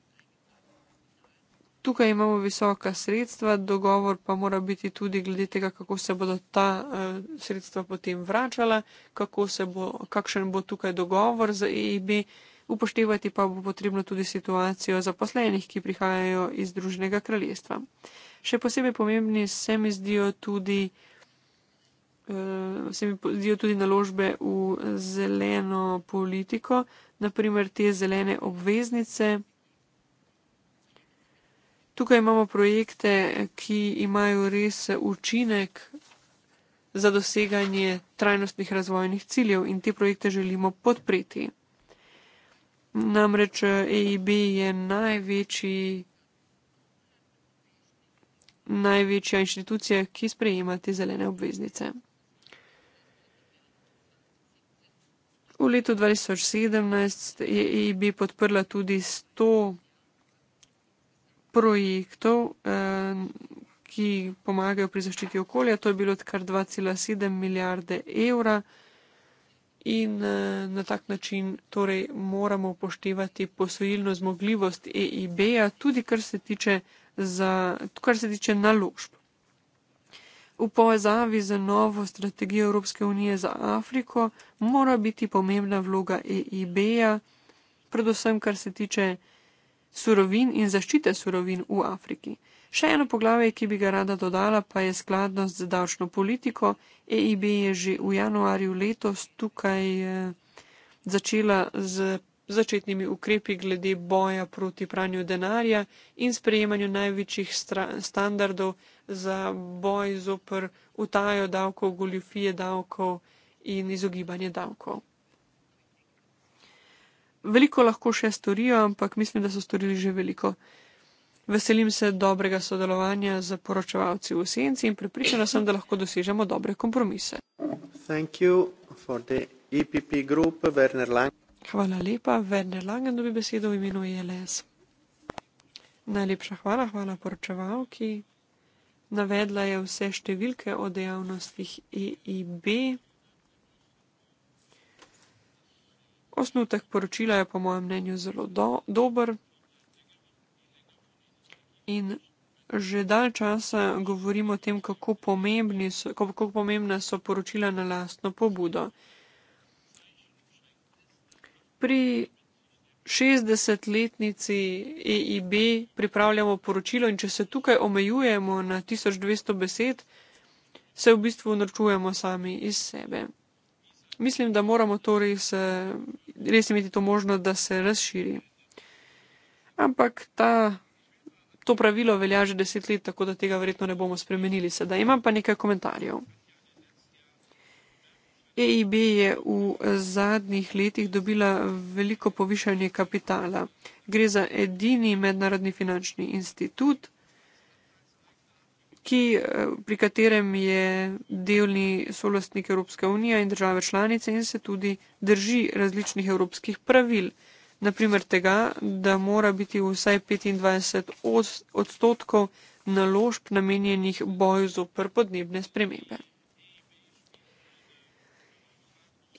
tukaj imamo visoka sredstva, dogovor pa mora biti tudi glede tega, kako se bodo ta eh, sredstva potem vračala, bo, kakšen bo tukaj dogovor z EIB. Upoštevati pa bo potrebno tudi situacijo zaposlenih, ki prihajajo iz Združenega kraljestva. Še posebej pomembni se mi zdijo tudi uh, se mi zdijo tudi naložbe v zeleno politiko, naprimer te zelene obveznice. Tukaj imamo projekte, ki imajo res učinek za doseganje trajnostnih razvojnih ciljev in te projekte želimo podpreti. Namreč EIB eh, e je največji, največja inštitucija, ki sprejema te zelene obveznice. V letu 2017 je IBI e podprla tudi 100 projektov, eh, ki pomagajo pri zaščiti okolja. To je bilo kar 2,7 milijarde evra. In eh, na tak način torej moramo upoštevati posojilno zmogljivost EIB-a, tudi kar se tiče, za, kar se tiče naložb v povezavi z novo strategijo Evropske unije za Afriko mora biti pomembna vloga EIB-ja, predvsem kar se tiče surovin in zaščite surovin v Afriki. Še eno poglavje, ki bi ga rada dodala, pa je skladnost z davčno politiko. EIB je že v januarju letos tukaj eh, začela z začetnimi ukrepi glede boja proti pranju denarja in sprejemanju največjih standardov za boj zopr utajo davkov, goljufije davkov in izogibanje davkov. Veliko lahko še storijo, ampak mislim, da so storili že veliko. Veselim se dobrega sodelovanja z poročevalci v senci in pripričana sem, da lahko dosežemo dobre kompromise. Hvala za EPP skupino, Werner Lang. Hvala lepa, vendar lagam, da bi besedo imenu ILS. E Najlepša hvala, hvala poročevalki. Navedla je vse številke o dejavnostih EIB. Osnutek poročila je po mojem mnenju zelo do, dober. In že dalj časa govorimo o tem, kako, so, kako, kako pomembna so poročila na lastno pobudo pri 60-letnici EIB pripravljamo poročilo in če se tukaj omejujemo na 1200 besed, se v bistvu norčujemo sami iz sebe. Mislim, da moramo to res, eh, res imeti to možnost, da se razširi. Ampak ta, to pravilo velja že deset let, tako da tega verjetno ne bomo spremenili sedaj. Imam pa nekaj komentarjev. EIB je v zadnjih letih dobila veliko povišanje kapitala. Gre za edini mednarodni finančni institut, ki, eh, pri katerem je delni solastnik Evropske unije in države članice in se tudi drži različnih evropskih pravil. Naprimer tega, da mora biti vsaj 25 odstotkov naložb namenjenih boju zoper podnebne spremembe.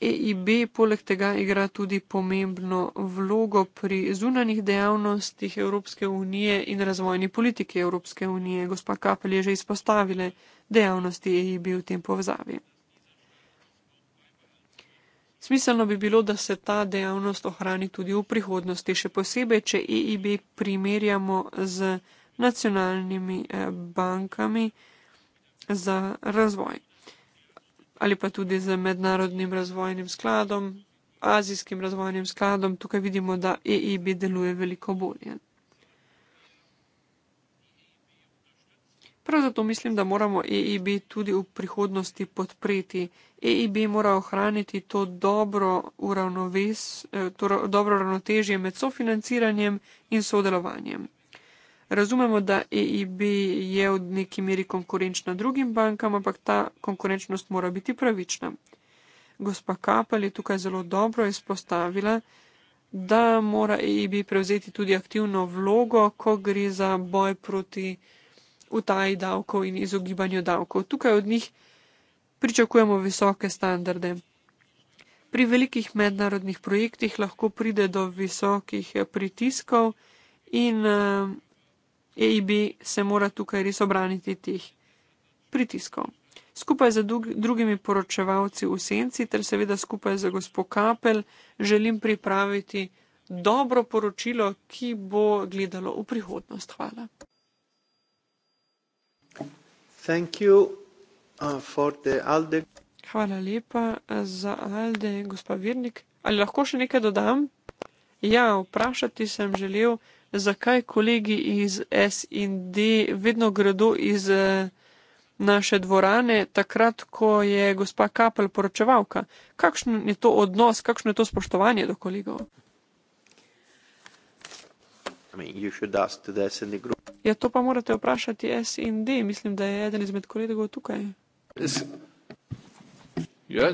EIB poleg tega igra tudi pomembno vlogo pri zunanjih dejavnostih Evropske unije in razvojni politiki Evropske unije. Gospa Kapel je že izpostavila dejavnosti EIB v tem povezavi. Smiselno bi bilo, da se ta dejavnost ohrani tudi v prihodnosti, še posebej, če EIB primerjamo z nacionalnimi eh, bankami za razvoj ali pa tudi z mednarodnim razvojnim skladom, azijskim razvojnim skladom, tukaj vidimo, da EIB deluje veliko bolje. Prav zato mislim, da moramo EIB tudi v prihodnosti podpreti. EIB mora ohraniti to dobro, uravnoves, eh, to dobro ravnotežje med sofinanciranjem in sodelovanjem. Razumemo, da EIB e je v neki meri konkurenčna drugim bankam, ampak ta konkurenčnost mora biti pravična. Gospa Kapel je tukaj zelo dobro izpostavila, da mora EIB e prevzeti tudi aktivno vlogo, ko gre za boj proti utaji davkov in izogibanju davkov. Tukaj od njih pričakujemo visoke standarde. Pri velikih mednarodnih projektih lahko pride do visokih pritiskov in eh, EIB se mora tukaj res obraniti teh pritiskov. Skupaj z drugimi poročevalci v senci ter seveda skupaj z gospo Kapel želim pripraviti dobro poročilo, ki bo gledalo v prihodnost. Hvala. Uh, Hvala lepa uh, za Alde, gospa Virnik. Ali lahko še nekaj dodam? Ja, vprašati sem želel zakaj kolegi iz SND vedno gredo iz eh, naše dvorane, takrat, ko je gospa Kapel poročevalka. Kakšen je to odnos, kakšno je to spoštovanje do kolegov? Ja, to pa morate vprašati SND, mislim, da je eden izmed kolegov tukaj. Ja,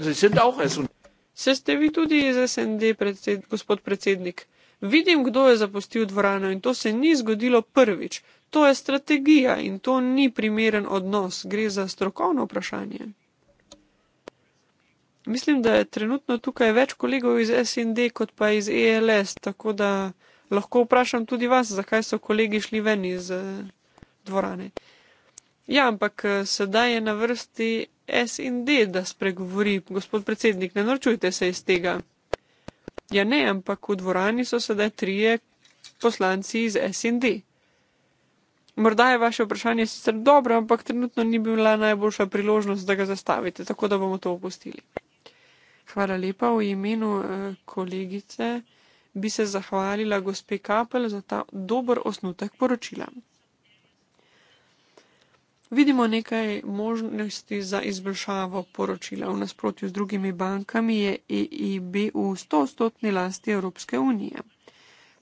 se ste vi tudi iz SND, predsed, gospod predsednik? Vidim, kdo je zapustil dvorano in to se ni zgodilo prvič. To je strategija in to ni primeren odnos, gre za strokovno vprašanje. Mislim, da je trenutno tukaj več kolegov iz SND kot pa iz ELS, tako da lahko vprašam tudi vas, zakaj so kolegi šli ven iz eh, dvorane. Ja, ampak eh, sedaj je na vrsti SND, da spregovori, gospod predsednik, ne norčujte se iz tega. Ja, ne, ampak v dvorani so sedaj trije poslanci iz SND. Morda je vaše vprašanje sicer dobro, ampak trenutno ni bila najboljša priložnost, da ga zastavite, tako da bomo to opustili. Hvala lepa. V imenu eh, kolegice bi se zahvalila gospe Kapel za ta dober osnutek poročila. Vidimo nekaj možnosti za izboljšavo poročila. V nasprotju z drugimi bankami je EIB v 100-stotni lasti Evropske unije.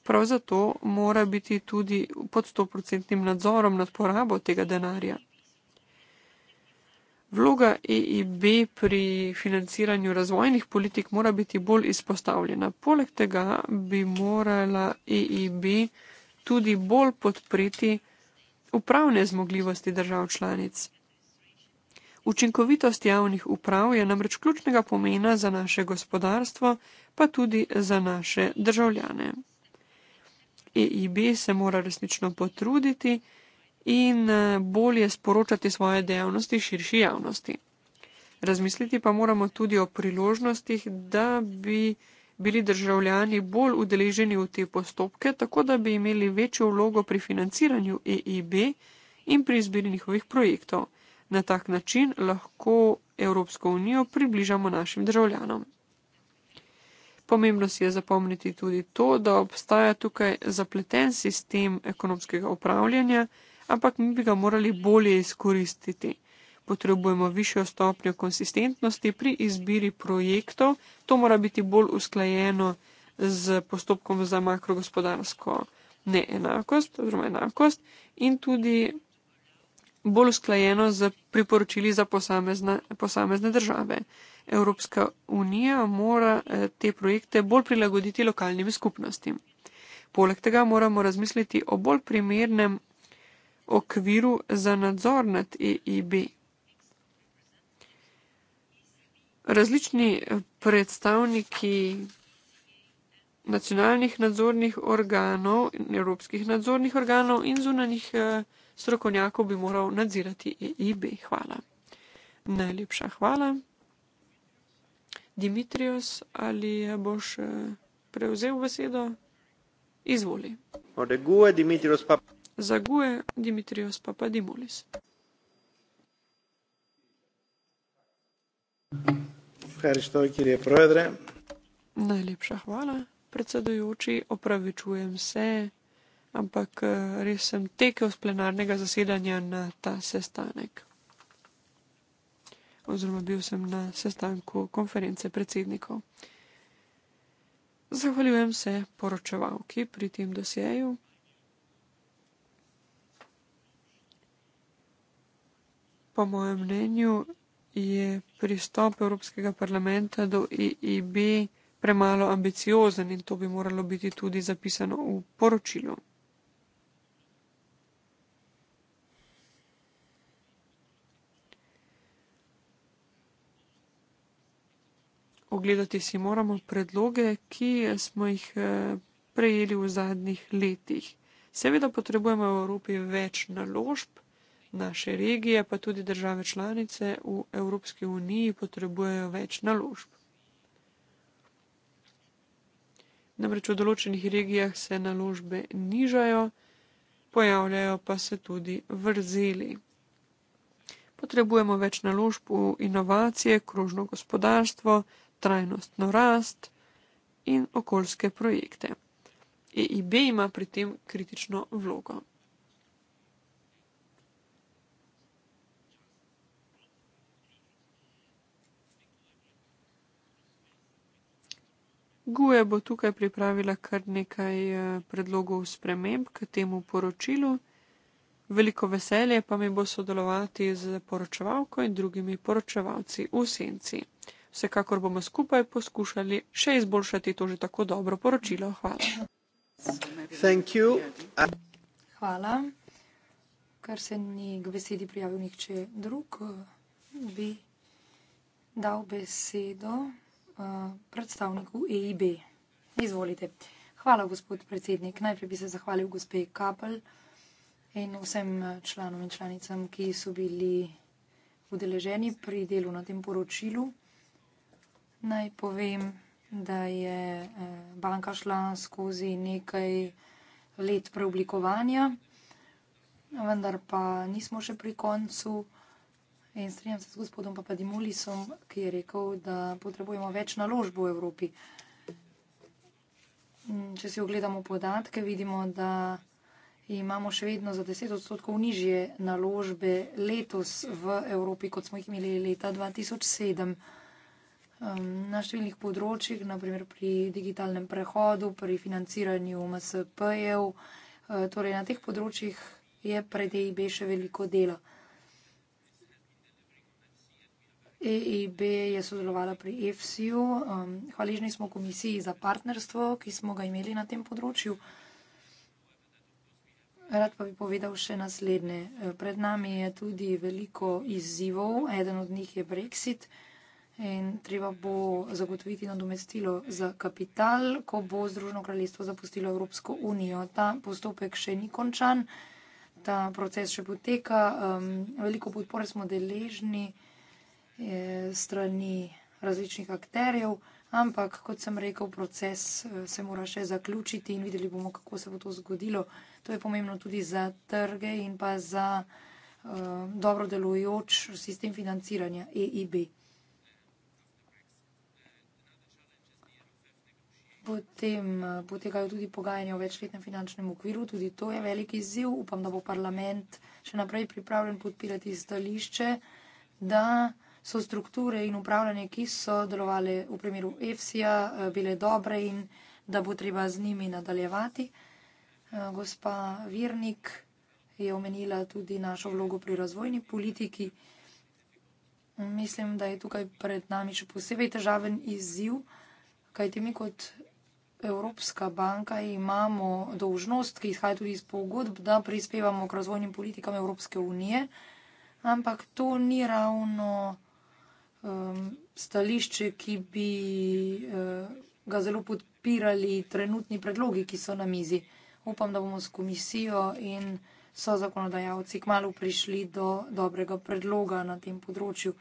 Prav zato mora biti tudi pod 100-procentnim nadzorom nad porabo tega denarja. Vloga EIB pri financiranju razvojnih politik mora biti bolj izpostavljena. Poleg tega bi morala EIB tudi bolj podpreti upravne zmogljivosti držav članic. Učinkovitost javnih uprav je namreč ključnega pomena za naše gospodarstvo, pa tudi za naše državljane. EIB se mora resnično potruditi in eh, bolje sporočati svoje dejavnosti širši javnosti. Razmisliti pa moramo tudi o priložnostih, da bi bili državljani bolj udeleženi v te postopke, tako da bi imeli večjo vlogo pri financiranju EIB in pri izbiri njihovih projektov. Na tak način lahko Evropsko unijo približamo našim državljanom. Pomembno si je zapomniti tudi to, da obstaja tukaj zapleten sistem ekonomskega upravljanja, ampak mi bi ga morali bolje izkoristiti potrebujemo višjo stopnjo konsistentnosti pri izbiri projektov. To mora biti bolj usklajeno z postopkom za makrogospodarsko neenakost oziroma enakost in tudi bolj usklajeno z priporočili za posamezne, posamezne države. Evropska unija mora eh, te projekte bolj prilagoditi lokalnim skupnostim. Poleg tega moramo razmisliti o bolj primernem okviru za nadzor nad EIB. Različni eh, predstavniki nacionalnih nadzornih organov, evropskih nadzornih organov in zunanjih eh, strokovnjakov bi moral nadzirati EIB. Hvala. Najlepša hvala. Dimitrios, ali boš eh, prevzel besedo? Izvoli. No, Za GUE Dimitrios Papadimulis. Najlepša hvala, predsedujoči. Opravičujem se, ampak eh, res sem tekel z plenarnega zasedanja na ta sestanek. Oziroma bil sem na sestanku konference predsednikov. Zahvaljujem se poročevalki pri tem dosjeju. Po mojem mnenju je pristop Evropskega parlamenta do EIB e premalo ambiciozen in to bi moralo biti tudi zapisano v poročilu. Ogledati si moramo predloge, ki smo jih eh, prejeli v zadnjih letih. Seveda potrebujemo v Evropi več naložb naše regije, pa tudi države članice v Evropski uniji potrebujejo več naložb. Namreč v določenih regijah se naložbe nižajo, pojavljajo pa se tudi vrzeli. Potrebujemo več naložb v inovacije, krožno gospodarstvo, trajnostno rast in okoljske projekte. EIB ima pri tem kritično vlogo. Guje bo tukaj pripravila kar nekaj eh, predlogov sprememb k temu poročilu. Veliko veselje pa mi bo sodelovati z poročevalko in drugimi poročevalci v senci. Vsekakor bomo skupaj poskušali še izboljšati to že tako dobro poročilo. Hvala. Hvala. Kar se ni k besedi prijavil nihče drug, eh, bi dal besedo. Eh, predstavniku EIB. Izvolite. Hvala, gospod predsednik. Najprej bi se zahvalil gospe Kapel in vsem eh, članom in članicam, ki so bili udeleženi pri delu na tem poročilu. Naj povem, da je eh, banka šla skozi nekaj let preoblikovanja, vendar pa nismo še pri koncu. In strinjam se z gospodom Papadimulisom, ki je rekel, da potrebujemo več naložb v Evropi. Mm, če si ogledamo podatke, vidimo, da imamo še vedno za 10 odstotkov nižje naložbe letos v Evropi, kot smo jih imeli leta 2007. Na številnih področjih, naprimer pri digitalnem prehodu, pri financiranju MSP-jev, eh, torej na teh področjih je pred EIB še veliko dela. EIB je sodelovala pri EFSI-ju. Um, hvaležni smo komisiji za partnerstvo, ki smo ga imeli na tem področju. Rad pa bi povedal še naslednje. Pred nami je tudi veliko izzivov, eden od njih je Brexit in treba bo zagotoviti nadomestilo za kapital, ko bo Združeno kraljestvo zapustilo Evropsko unijo. Ta postopek še ni končan, ta proces še poteka, um, veliko podpore smo deležni strani različnih akterjev, ampak kot sem rekel, proces eh, se mora še zaključiti in videli bomo, kako se bo to zgodilo. To je pomembno tudi za trge in pa za eh, dobro delujoč sistem financiranja EIB. Potem eh, potekajo tudi pogajanja o večletnem finančnem okviru, tudi to je velik izziv. Upam, da bo parlament še naprej pripravljen podpirati stališče, da so strukture in upravljanje, ki so delovali v primeru EFSI-ja, eh, bile dobre in da bo treba z njimi nadaljevati. Eh, gospa Virnik je omenila tudi našo vlogo pri razvojni politiki. Mislim, da je tukaj pred nami še posebej težaven izziv, kajti mi kot Evropska banka imamo dožnost, ki izhaja tudi iz pogodb, da prispevamo k razvojnim politikam Evropske unije, ampak to ni ravno um, stališče, ki bi uh, ga zelo podpirali trenutni predlogi, ki so na mizi. Upam, da bomo s komisijo in so zakonodajalci kmalo prišli do dobrega predloga na tem področju.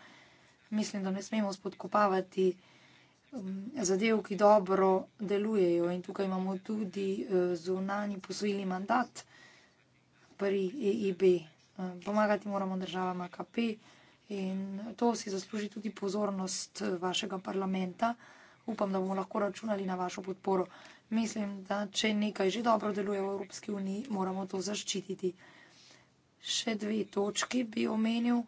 Mislim, da ne smemo spodkopavati um, zadev, ki dobro delujejo in tukaj imamo tudi uh, zunani posojili mandat pri EIB. Uh, pomagati moramo državama KP. In to si zasluži tudi pozornost eh, vašega parlamenta. Upam, da bomo lahko računali na vašo podporo. Mislim, da če nekaj že dobro deluje v Evropski uniji, moramo to zaščititi. Še dve točki bi omenil.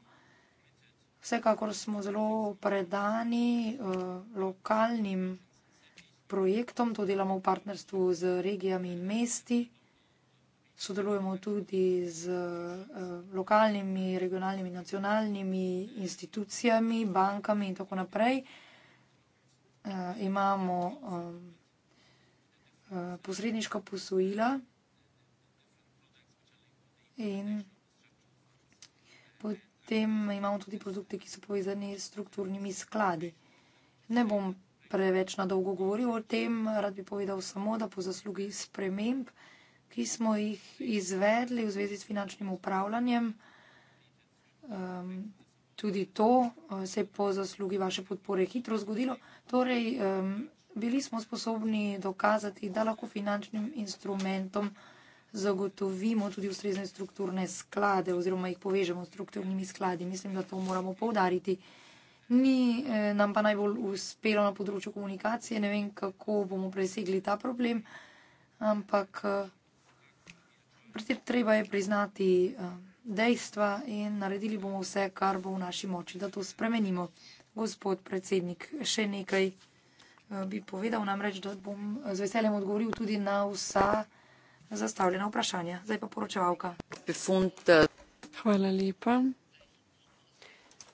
Vsekakor smo zelo predani uh, lokalnim projektom, to delamo v partnerstvu z regijami in mesti sodelujemo tudi z uh, lokalnimi, regionalnimi, nacionalnimi institucijami, bankami in tako naprej. Uh, imamo um, uh, posredniška posojila in potem imamo tudi produkte, ki so povezani s strukturnimi skladi. Ne bom preveč na dolgo govoril o tem, rad bi povedal samo, da po zaslugi sprememb uh, ki smo jih izvedli v zvezi s finančnim upravljanjem. Um, tudi to uh, se je po zaslugi vaše podpore hitro zgodilo. Torej, um, bili smo sposobni dokazati, da lahko finančnim instrumentom zagotovimo tudi ustrezne strukturne sklade oziroma jih povežemo s strukturnimi skladi. Mislim, da to moramo povdariti. Ni eh, nam pa najbolj uspelo na področju komunikacije, ne vem, kako bomo presegli ta problem, ampak. Eh, treba je priznati eh, dejstva in naredili bomo vse, kar bo v naši moči, da to spremenimo. Gospod predsednik, še nekaj eh, bi povedal, namreč, da bom eh, z veseljem odgovoril tudi na vsa zastavljena vprašanja. Zdaj pa poročevalka. Hvala lepa.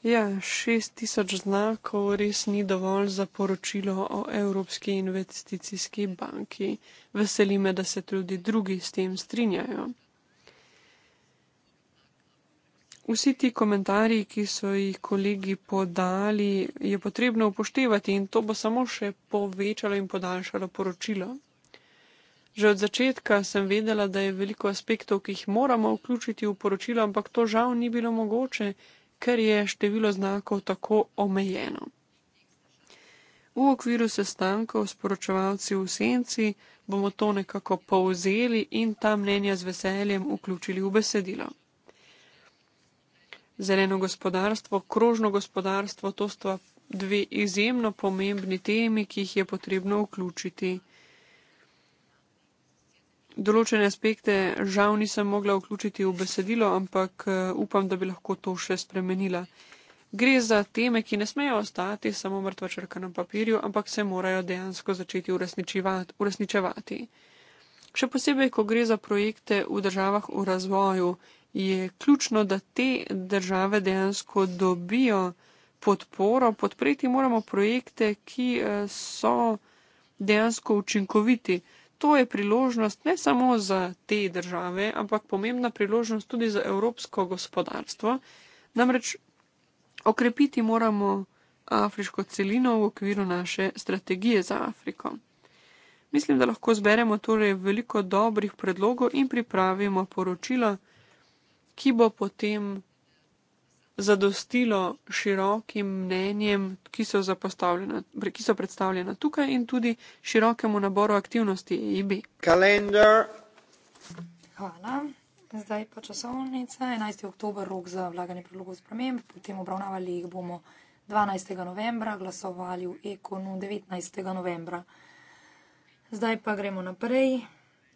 Ja, 6000 znakov res ni dovolj za poročilo o Evropski investicijski banki. Veseli me, da se tudi drugi s tem strinjajo. Vsi ti komentarji, ki so jih kolegi podali, je potrebno upoštevati in to bo samo še povečalo in podaljšalo poročilo. Že od začetka sem vedela, da je veliko aspektov, ki jih moramo vključiti v poročilo, ampak to žal ni bilo mogoče, ker je število znakov tako omejeno. V okviru sestankov s poročevalci v senci bomo to nekako povzeli in ta mnenja z veseljem vključili v besedilo. Zeleno gospodarstvo, krožno gospodarstvo, to sta dve izjemno pomembni temi, ki jih je potrebno vključiti določene aspekte žal nisem mogla vključiti v besedilo, ampak eh, upam, da bi lahko to še spremenila. Gre za teme, ki ne smejo ostati samo mrtva črka na papirju, ampak se morajo dejansko začeti uresničevati. Še posebej, ko gre za projekte v državah v razvoju, je ključno, da te države dejansko dobijo podporo. Podpreti moramo projekte, ki eh, so dejansko učinkoviti to je priložnost ne samo za te države, ampak pomembna priložnost tudi za evropsko gospodarstvo. Namreč okrepiti moramo afriško celino v okviru naše strategije za Afriko. Mislim, da lahko zberemo torej veliko dobrih predlogov in pripravimo poročila, ki bo potem zadostilo širokim mnenjem, ki so, ki so predstavljena tukaj in tudi širokemu naboru aktivnosti EIB. Kalendar. Hvala. Zdaj pa časovnica. 11. oktober rok za vlaganje predlogov sprememb, potem obravnavali jih bomo 12. novembra, glasovali v Ekonu 19. novembra. Zdaj pa gremo naprej.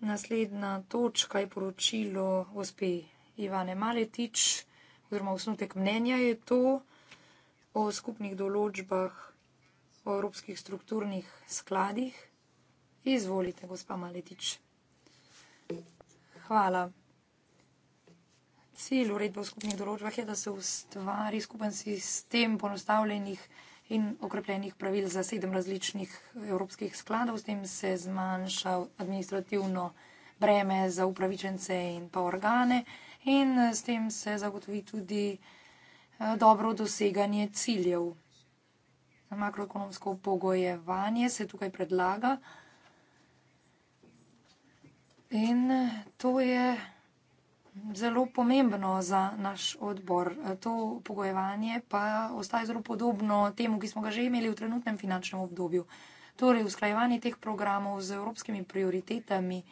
Naslednja točka je poročilo gospe Ivane Maletič oziroma osnutek mnenja je to o skupnih določbah o evropskih strukturnih skladih. Izvolite, gospa Maletič. Hvala. Cilj uredbe o skupnih določbah je, da se ustvari skupen sistem ponostavljenih in okrepljenih pravil za sedem različnih evropskih skladov. S tem se zmanjša administrativno breme za upravičence in pa organe in eh, s tem se zagotovi tudi eh, dobro doseganje ciljev. Makroekonomsko upogojevanje se tukaj predlaga. In eh, to je zelo pomembno za naš odbor. To upogojevanje pa ostaje zelo podobno temu, ki smo ga že imeli v trenutnem finančnem obdobju. Torej, usklajevanje teh programov z evropskimi prioritetami,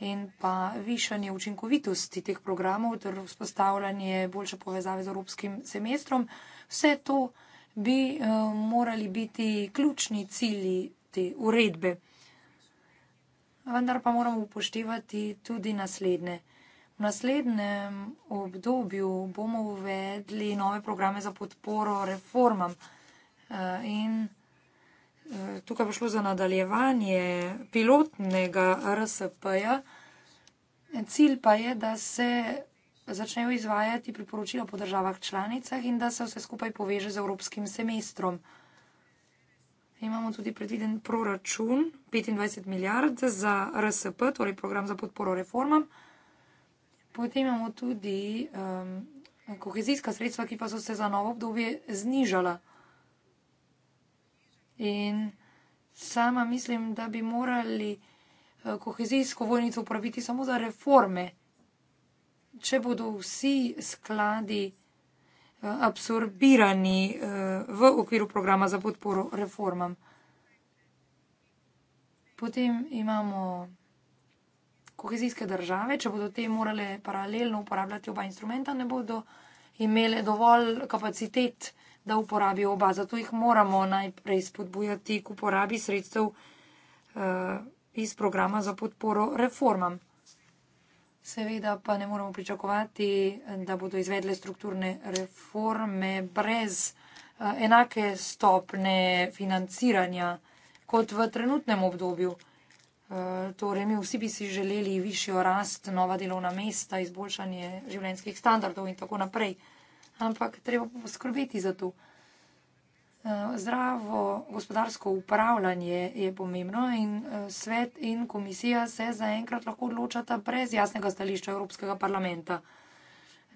in pa višanje učinkovitosti teh programov ter vzpostavljanje boljše povezave z evropskim semestrom. Vse to bi eh, morali biti ključni cilji te uredbe. Vendar pa moramo upoštevati tudi naslednje. V naslednjem obdobju bomo uvedli nove programe za podporo reformam eh, in reformam tukaj pa šlo za nadaljevanje pilotnega RSP-ja. Cilj pa je, da se začnejo izvajati priporočila po državah članicah in da se vse skupaj poveže z evropskim semestrom. Imamo tudi predviden proračun 25 milijard za RSP, torej program za podporo reformam. Potem imamo tudi um, kohezijska sredstva, ki pa so se za novo obdobje znižala. In sama mislim, da bi morali eh, kohezijsko vojnico uporabiti samo za reforme. Če bodo vsi skladi eh, absorbirani eh, v okviru programa za podporo reformam. Potem imamo kohezijske države, če bodo te morale paralelno uporabljati oba instrumenta, ne bodo imele dovolj kapacitet da uporabi oba. Zato jih moramo najprej spodbujati k uporabi sredstev uh, iz programa za podporo reformam. Seveda pa ne moramo pričakovati, da bodo izvedle strukturne reforme brez uh, enake stopne financiranja kot v trenutnem obdobju. Uh, torej, mi vsi bi si želeli višjo rast, nova delovna mesta, izboljšanje življenjskih standardov in tako naprej. Uh, ampak treba poskrbeti za to. Eh, zdravo gospodarsko upravljanje je pomembno in eh, svet in komisija se zaenkrat lahko odločata brez jasnega stališča Evropskega parlamenta.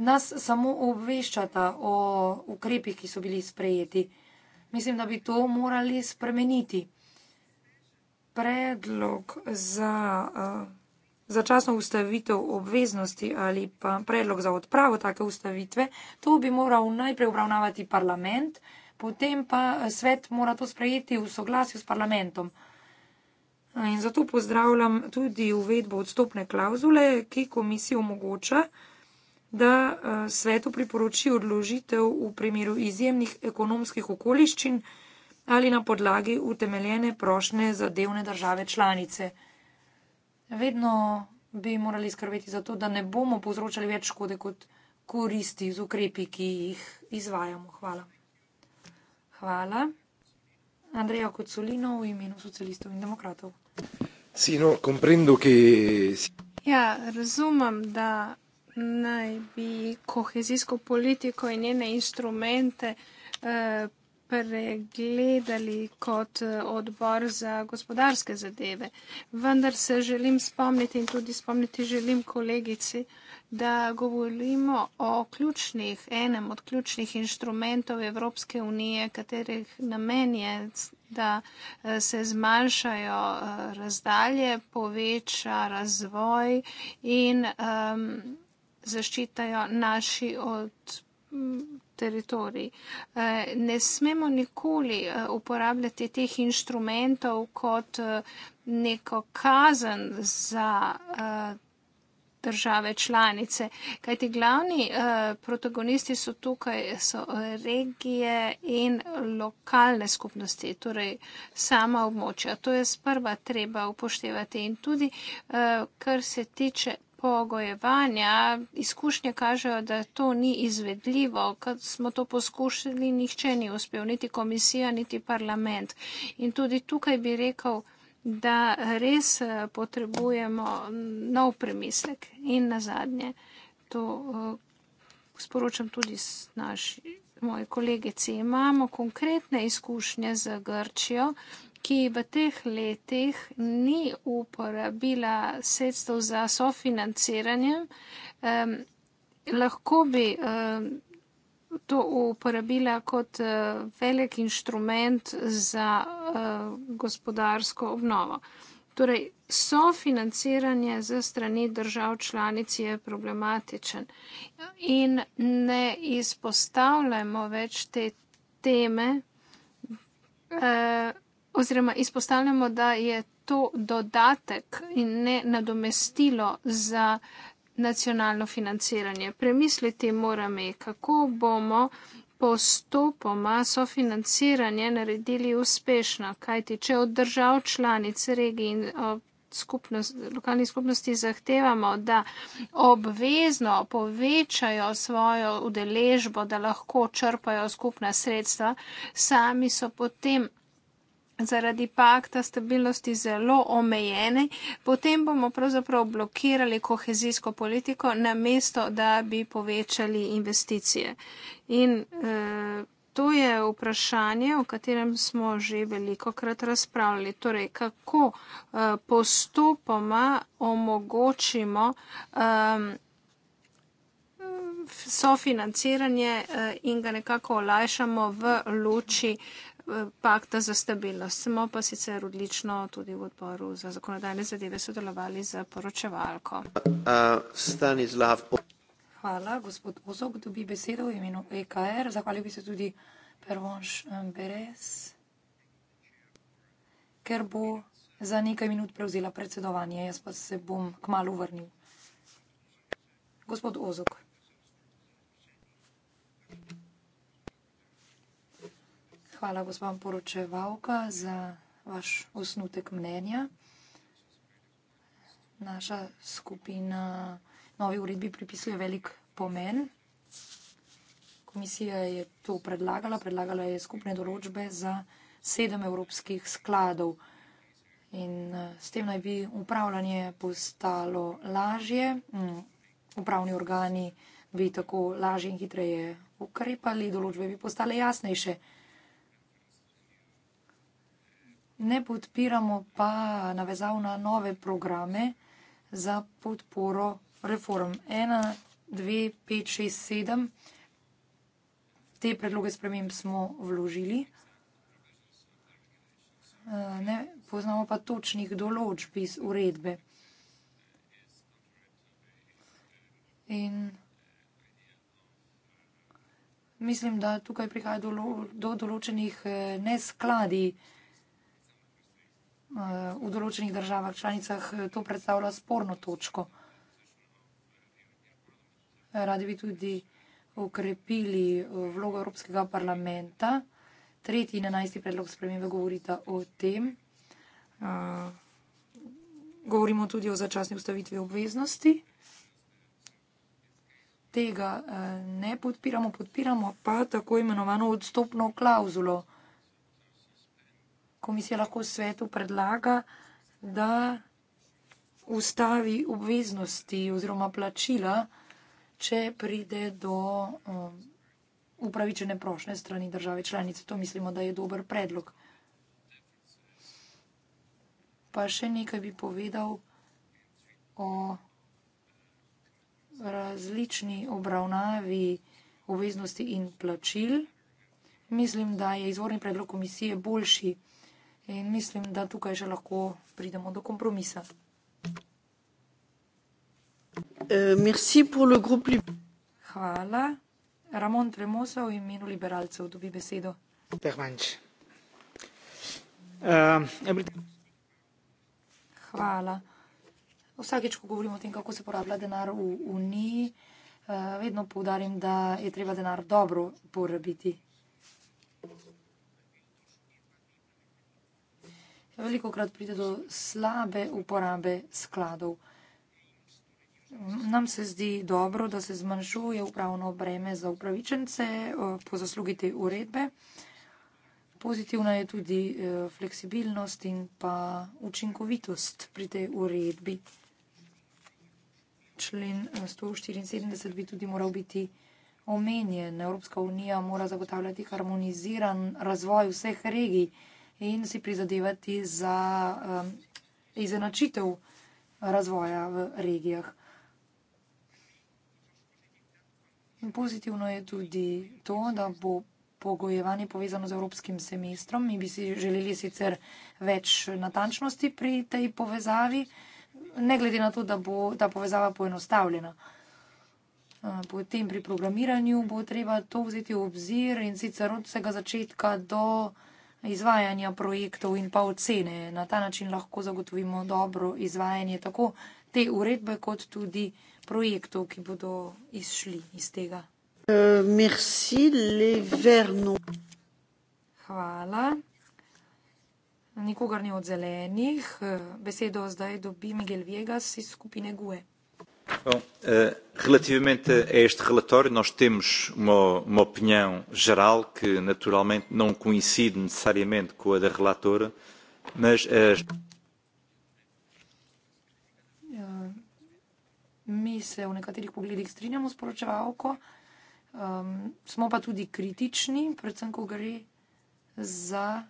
Nas samo obveščata o ukrepih, ki so bili sprejeti. Mislim, da bi to morali spremeniti. Predlog za. Uh, začasno ustavitev obveznosti ali pa predlog za odpravo take ustavitve, to bi moral najprej obravnavati parlament, potem pa svet mora to sprejeti v soglasju s parlamentom. In zato pozdravljam tudi uvedbo odstopne klauzule, ki komisijo omogoča, da eh, svetu priporoči odložitev v primeru izjemnih ekonomskih okoliščin ali na podlagi utemeljene prošnje zadevne države članice vedno bi morali skrbeti za to, da ne bomo povzročali več škode kot koristi z ukrepi, ki jih izvajamo. Hvala. Hvala. Andreja Kocolino v imenu socialistov in demokratov. Sino, comprendo, ki... Ja, razumem, da naj bi kohezijsko politiko in njene instrumente eh, pregledali kot eh, odbor za gospodarske zadeve. Vendar se želim spomniti in tudi spomniti želim kolegici, da govorimo o ključnih, enem od ključnih inštrumentov Evropske unije, katerih namen je, da eh, se zmanjšajo eh, razdalje, poveča razvoj in um, zaščitajo naši od teritorij. Eh, ne smemo nikoli eh, uporabljati teh inštrumentov kot eh, neko kazen za države članice, kajti glavni protagonisti so tukaj so regije in lokalne skupnosti, torej sama območja. To je sprva treba upoštevati in tudi, kar se tiče pogojevanja, izkušnje kažejo, da to ni izvedljivo, kad smo to poskušali, nihče ni uspel, niti komisija, niti parlament. In tudi tukaj bi rekel, da res eh, potrebujemo mm, nov premislek in na zadnje to eh, sporočam tudi s naši. Moje kolegice, imamo konkretne izkušnje z Grčijo, ki v teh letih ni uporabila sredstev za sofinanciranje, um, lahko bi um, to uporabila kot uh, velik inštrument za uh, gospodarsko obnovo. Torej, sofinanciranje ze strani držav članic je problematičen in ne izpostavljamo več te teme. Uh, oziroma izpostavljamo, da je to dodatek in ne nadomestilo za nacionalno financiranje. Premisliti moram, kako bomo postopoma sofinanciranje naredili uspešno, kajti če od držav članic regij in skupnost, lokalnih skupnosti zahtevamo, da obvezno povečajo svojo udeležbo, da lahko črpajo skupna sredstva, sami so potem zaradi pakta stabilnosti zelo omejene, potem bomo pravzaprav blokirali kohezijsko politiko na mesto, da bi povečali investicije. In e, to je vprašanje, o katerem smo že veliko krat razpravljali. Torej, kako e, postopoma omogočimo e, sofinanciranje e, in ga nekako olajšamo v luči pakta za stabilnost. Smo pa sicer odlično tudi v odboru za zakonodajne zadeve sodelovali z poročevalko. Hvala, gospod Ozok, dobi besedo v imenu EKR. Zahvalil bi se tudi Pervonš Beres, ker bo za nekaj minut prevzela predsedovanje. Jaz pa se bom kmalo vrnil. Gospod Ozok. hvala, gospod poročevalka, za vaš osnutek mnenja. Naša skupina novi uredbi pripisuje velik pomen. Komisija je to predlagala, predlagala je skupne določbe za sedem evropskih skladov. In eh, s tem naj bi upravljanje postalo lažje, mm, upravni organi bi tako lažje in hitreje ukrepali, določbe bi postale jasnejše ne podpiramo pa navezav na nove programe za podporo reform. Ena, dve, pet, šest, sedem. Te predloge sprememb smo vložili. Eh, ne poznamo pa točnih določb iz uredbe. In mislim, da tukaj prihaja do, do določenih eh, neskladij v določenih državah članicah eh, to predstavlja sporno točko. Radi bi tudi ukrepili eh, vlogo Evropskega parlamenta. Tretji in enajsti predlog spremembe govorita o tem. Eh, govorimo tudi o začasni ustavitvi obveznosti. Tega ne podpiramo, podpiramo pa tako imenovano odstopno klauzulo komisija lahko svetu predlaga, da ustavi obveznosti oziroma plačila, če pride do um, upravičene prošnje strani države članice. To mislimo, da je dober predlog. Pa še nekaj bi povedal o različni obravnavi obveznosti in plačil. Mislim, da je izvorni predlog komisije boljši. In mislim, da tukaj že lahko pridemo do kompromisa. Eh, Hvala. Ramon Tremosa v imenu liberalcev dobi besedo. Hvala. Vsakeč, ko govorimo o tem, kako se porablja denar v Uniji, eh, vedno povdarim, da je treba denar dobro porabiti. Veliko krat pride do slabe uporabe skladov. Nam se zdi dobro, da se zmanjšuje upravno breme za upravičence eh, po zaslugi te uredbe. Pozitivna je tudi eh, fleksibilnost in pa učinkovitost pri tej uredbi. Člen 174 eh, bi tudi moral biti omenjen. Evropska unija mora zagotavljati harmoniziran razvoj vseh regij in si prizadevati za um, izenačitev razvoja v regijah. In pozitivno je tudi to, da bo pogojevanje povezano z evropskim semestrom. Mi bi si želeli sicer več natančnosti pri tej povezavi, ne glede na to, da bo ta povezava poenostavljena. Uh, potem pri programiranju bo treba to vzeti v obzir in sicer od vsega začetka do izvajanja projektov in pa ocene. Na ta način lahko zagotovimo dobro izvajanje tako te uredbe, kot tudi projektov, ki bodo izšli iz tega. Eh, merci, Hvala. Nikogar ni od zelenih. Eh, besedo zdaj dobi Miguel Viegas iz skupine GUE. Bom, uh, relativamente a, a este relatório, nós temos uma, uma opinião geral que naturalmente não coincide necessariamente com a da relatora, mas as. Uh, Mi se v nekaterih pogledih strinjamo s poročevalko, um, smo pa tudi kritični, predvsem, ko gre za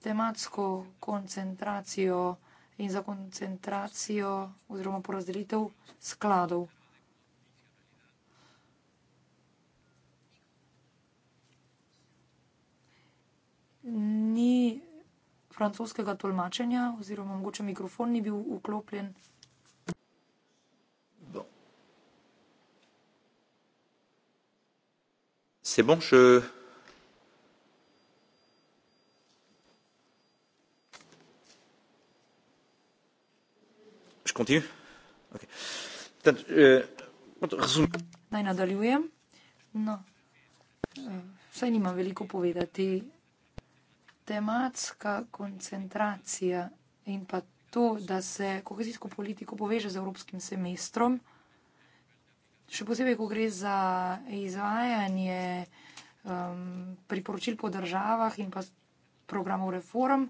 tematsko koncentracijo in za koncentracijo oziroma porazdelitev skladov. Ni francoskega tolmačenja oziroma mogoče mikrofon ni bil vklopljen. C'est bon, je... Eh, Naj nadaljujem. No, vsaj eh, nima veliko povedati. Tematska koncentracija in pa to, da se kohezijsko politiko poveže z evropskim semestrom, še posebej, ko gre za izvajanje um, priporočil po državah in pa programov reform,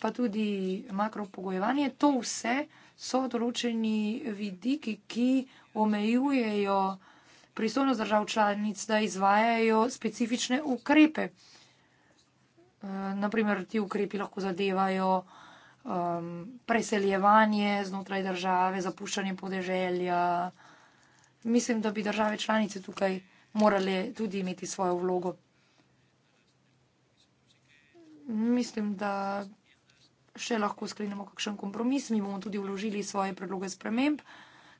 pa tudi makropogojevanje. To vse so določeni vidiki, ki omejujejo pristojnost držav članic, da izvajajo specifične ukrepe. Eh, Naprimer, ti ukrepi lahko zadevajo preseljevanje znotraj države, zapuščanje podeželja. Mislim, da bi države članice tukaj morale tudi imeti svojo vlogo mislim, da še lahko sklenemo kakšen kompromis. Mi bomo tudi vložili svoje predloge sprememb,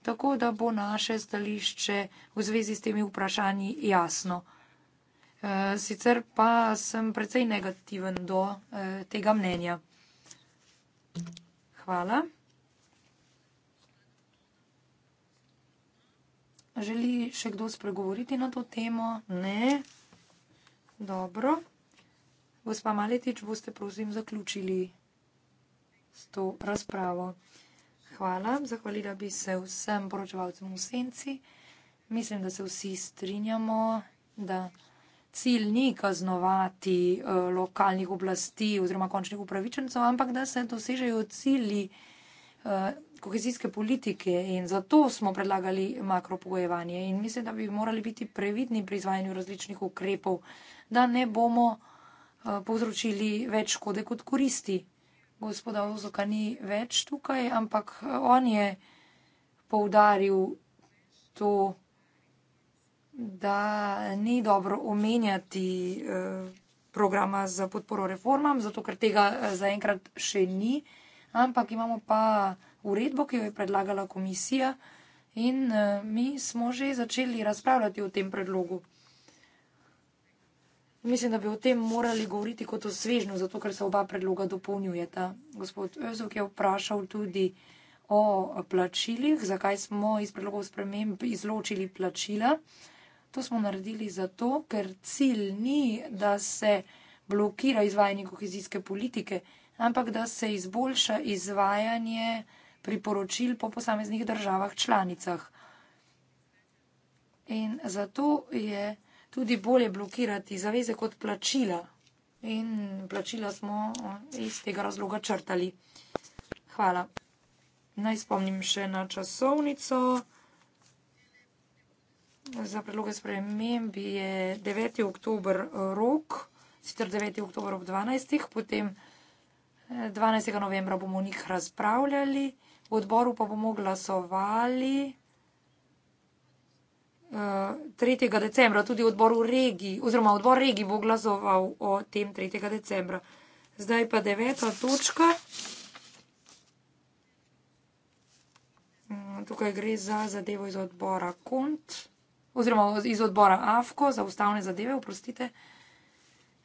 tako da bo naše stališče v zvezi s temi vprašanji jasno. Eh, sicer pa sem precej negativen do eh, tega mnenja. Hvala. Želi še kdo spregovoriti na to temo? Ne. Dobro. Gospa Maletič, boste prosim zaključili s to razpravo. Hvala. Zahvalila bi se vsem poročevalcem v senci. Mislim, da se vsi strinjamo, da cilj ni kaznovati eh, lokalnih oblasti oziroma končnih upravičencev, ampak da se dosežejo cilji eh, kohezijske politike in zato smo predlagali makropogojevanje. In mislim, da bi morali biti previdni pri izvajanju različnih ukrepov, da ne bomo. Eh, povzročili več škode kot koristi. Gospoda Ozoka ni več tukaj, ampak eh, on je poudaril to, da ni dobro omenjati eh, programa za podporo reformam, zato ker tega zaenkrat še ni, ampak imamo pa uredbo, ki jo je predlagala komisija in mi smo že začeli razpravljati o tem predlogu. Mislim, da bi o tem morali govoriti kot o svežnju, zato ker se oba predloga dopolnjujeta. Gospod Özok je vprašal tudi o plačilih, zakaj smo iz predlogov sprememb izločili plačila. To smo naredili zato, ker cilj ni, da se blokira izvajanje kohezijske politike, ampak da se izboljša izvajanje priporočil po posameznih državah članicah. In zato je tudi bolje blokirati zaveze kot plačila. In plačila smo iz tega razloga črtali. Hvala. Naj spomnim še na časovnico. Za predloge sprememb je 9. oktober rok, sicer 9. oktober ob 12. potem 12. Eh, novembra bomo o njih razpravljali, v odboru pa bomo glasovali. 3. decembra, tudi odbor v regiji, oziroma odbor regiji bo glasoval o tem 3. decembra. Zdaj pa deveta točka. Mm, tukaj gre za zadevo iz odbora KONT, oziroma iz odbora AFKO, za ustavne zadeve, oprostite.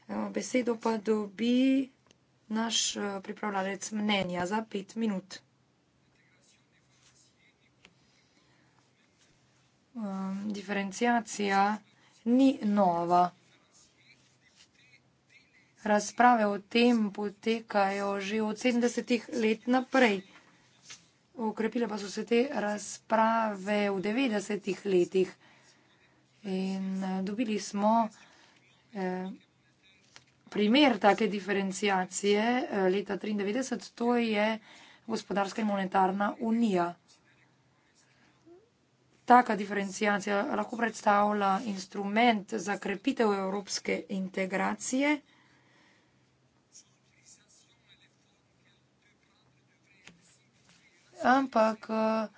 E, besedo pa dobi naš e, pripravljalec mnenja za pet minut. um, ehm, diferencijacija ni nova. Razprave o tem potekajo že od 70-ih let naprej. Okrepile pa so se te razprave v 90-ih letih in eh, dobili smo eh, primer take diferencijacije eh, leta 1993, to je gospodarska in monetarna unija. Taka diferencijacija lahko predstavlja instrument za krepitev evropske integracije. Ampak uh,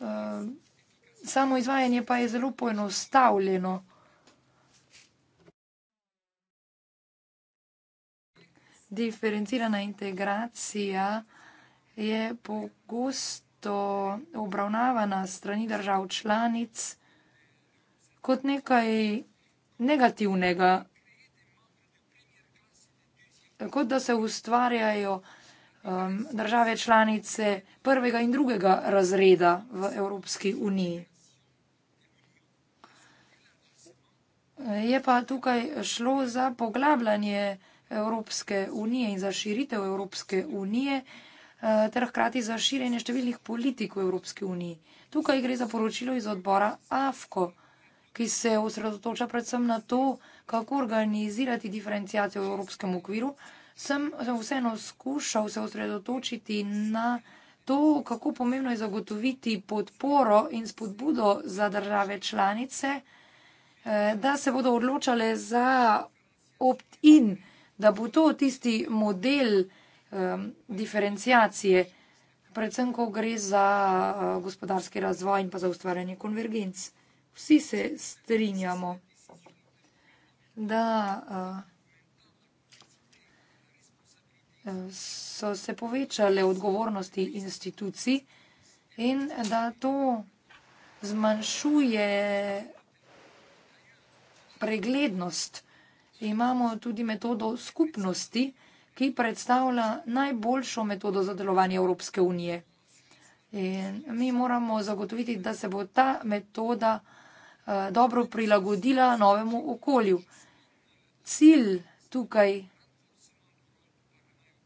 uh, samo izvajanje pa je zelo poenostavljeno. Diferencirana integracija je pogosto to obravnavana strani držav članic kot nekaj negativnega, kot da se ustvarjajo um, države članice prvega in drugega razreda v Evropski uniji. Je pa tukaj šlo za poglabljanje Evropske unije in za širitev Evropske unije, uh, Eh, ter hkrati za širjenje številnih politik v Evropski uniji. Tukaj gre za poročilo iz odbora AFKO, ki se osredotoča predvsem na to, kako organizirati diferencijacijo v evropskem okviru. Sem, sem vseeno skušal se osredotočiti na to, kako pomembno je zagotoviti podporo in spodbudo za države članice, eh, da se bodo odločale za opt-in, da bo to tisti model, ki um, diferencijacije, predvsem, ko gre za uh, gospodarski razvoj in pa za ustvarjanje konvergenc. Vsi se strinjamo, da uh, uh so se povečale odgovornosti institucij in da to zmanjšuje preglednost. Imamo tudi metodo skupnosti, ki predstavlja najboljšo metodo za delovanje Evropske unije. In mi moramo zagotoviti, da se bo ta metoda eh, dobro prilagodila novemu okolju. Cilj tukaj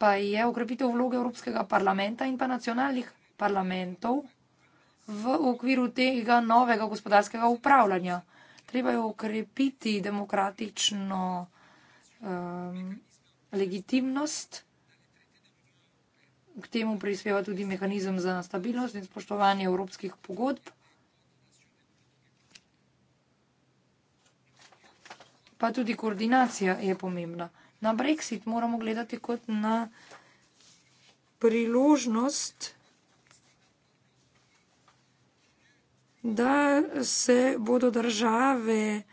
pa je ukrepitev vloge Evropskega parlamenta in pa nacionalnih parlamentov v okviru tega novega gospodarskega upravljanja. Treba je ukrepiti demokratično um, legitimnost. K temu prispeva tudi mehanizem za stabilnost in spoštovanje evropskih pogodb, pa tudi koordinacija je pomembna. Na Brexit moramo gledati kot na priložnost, da se bodo države eh,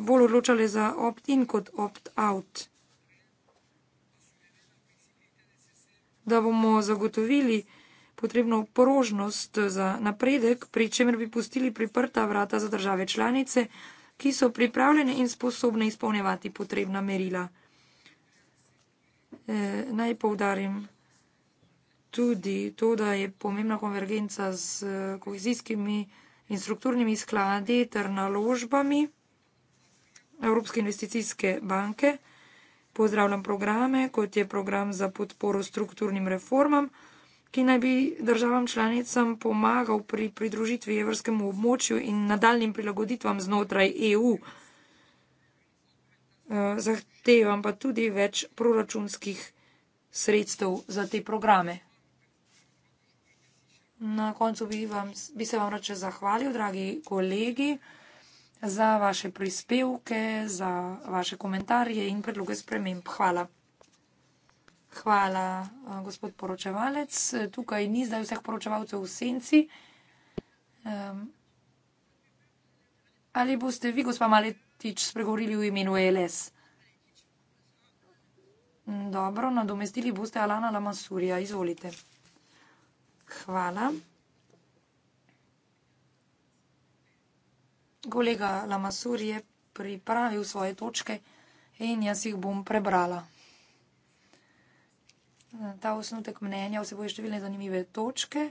bolj odločale za opt-in kot opt-out. da bomo zagotovili potrebno porožnost za napredek, pri čemer bi pustili priprta vrata za države članice, ki so pripravljene in sposobne izpolnjevati potrebna merila. E, naj povdarim tudi to, da je pomembna konvergenca z eh, kohezijskimi in strukturnimi skladi ter naložbami Evropske investicijske banke. Pozdravljam programe, kot je program za podporo strukturnim reformam, ki naj bi državam članicam pomagal pri pridružitvi evrskemu območju in nadaljnim prilagoditvam znotraj EU. Eh, zahtevam pa tudi več proračunskih sredstev za te programe. Na koncu bi, vam, bi se vam rače zahvalil, dragi kolegi za vaše prispevke, za vaše komentarje in predloge sprememb. Hvala. Hvala, eh, gospod poročevalec. Tukaj ni zdaj vseh poročevalcev v senci. Ali boste vi, gospa Maletič, spregovorili v imenu ELS? Dobro, nadomestili boste Alana Lamasurija. Izvolite. Hvala. Kolega Lamasur je pripravil svoje točke in jaz jih bom prebrala. Ta osnutek mnenja vseboj številne zanimive točke,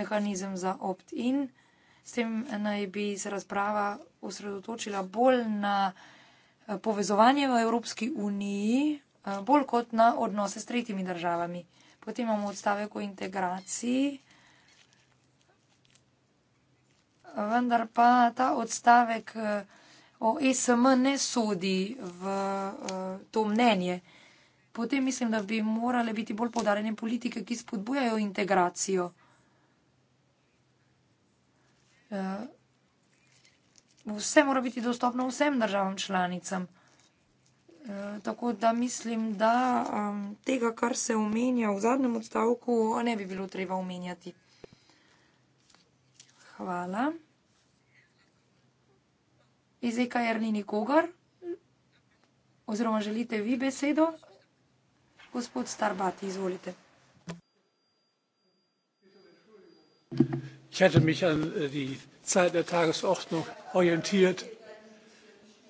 mehanizem za opt-in. S tem naj bi se razprava osredotočila bolj na eh, povezovanje v Evropski uniji, eh, bolj kot na odnose s tretjimi državami. Potem imamo odstavek o integraciji. vendar pa ta odstavek eh, o e SM ne sodi v eh, to mnenje. Potem mislim, da bi morale biti bolj podarjene politike, ki spodbujajo integracijo. Eh, vse mora biti dostopno vsem državam članicam. Tako da mislim, da tega, kar se omenja v zadnjem odstavku, ne bi bilo treba omenjati. Hvala iz EKR ni nikogar, oziroma želite vi besedo? Gospod Starbat, izvolite. Ich hatte mich an äh, die Zeit der Tagesordnung orientiert.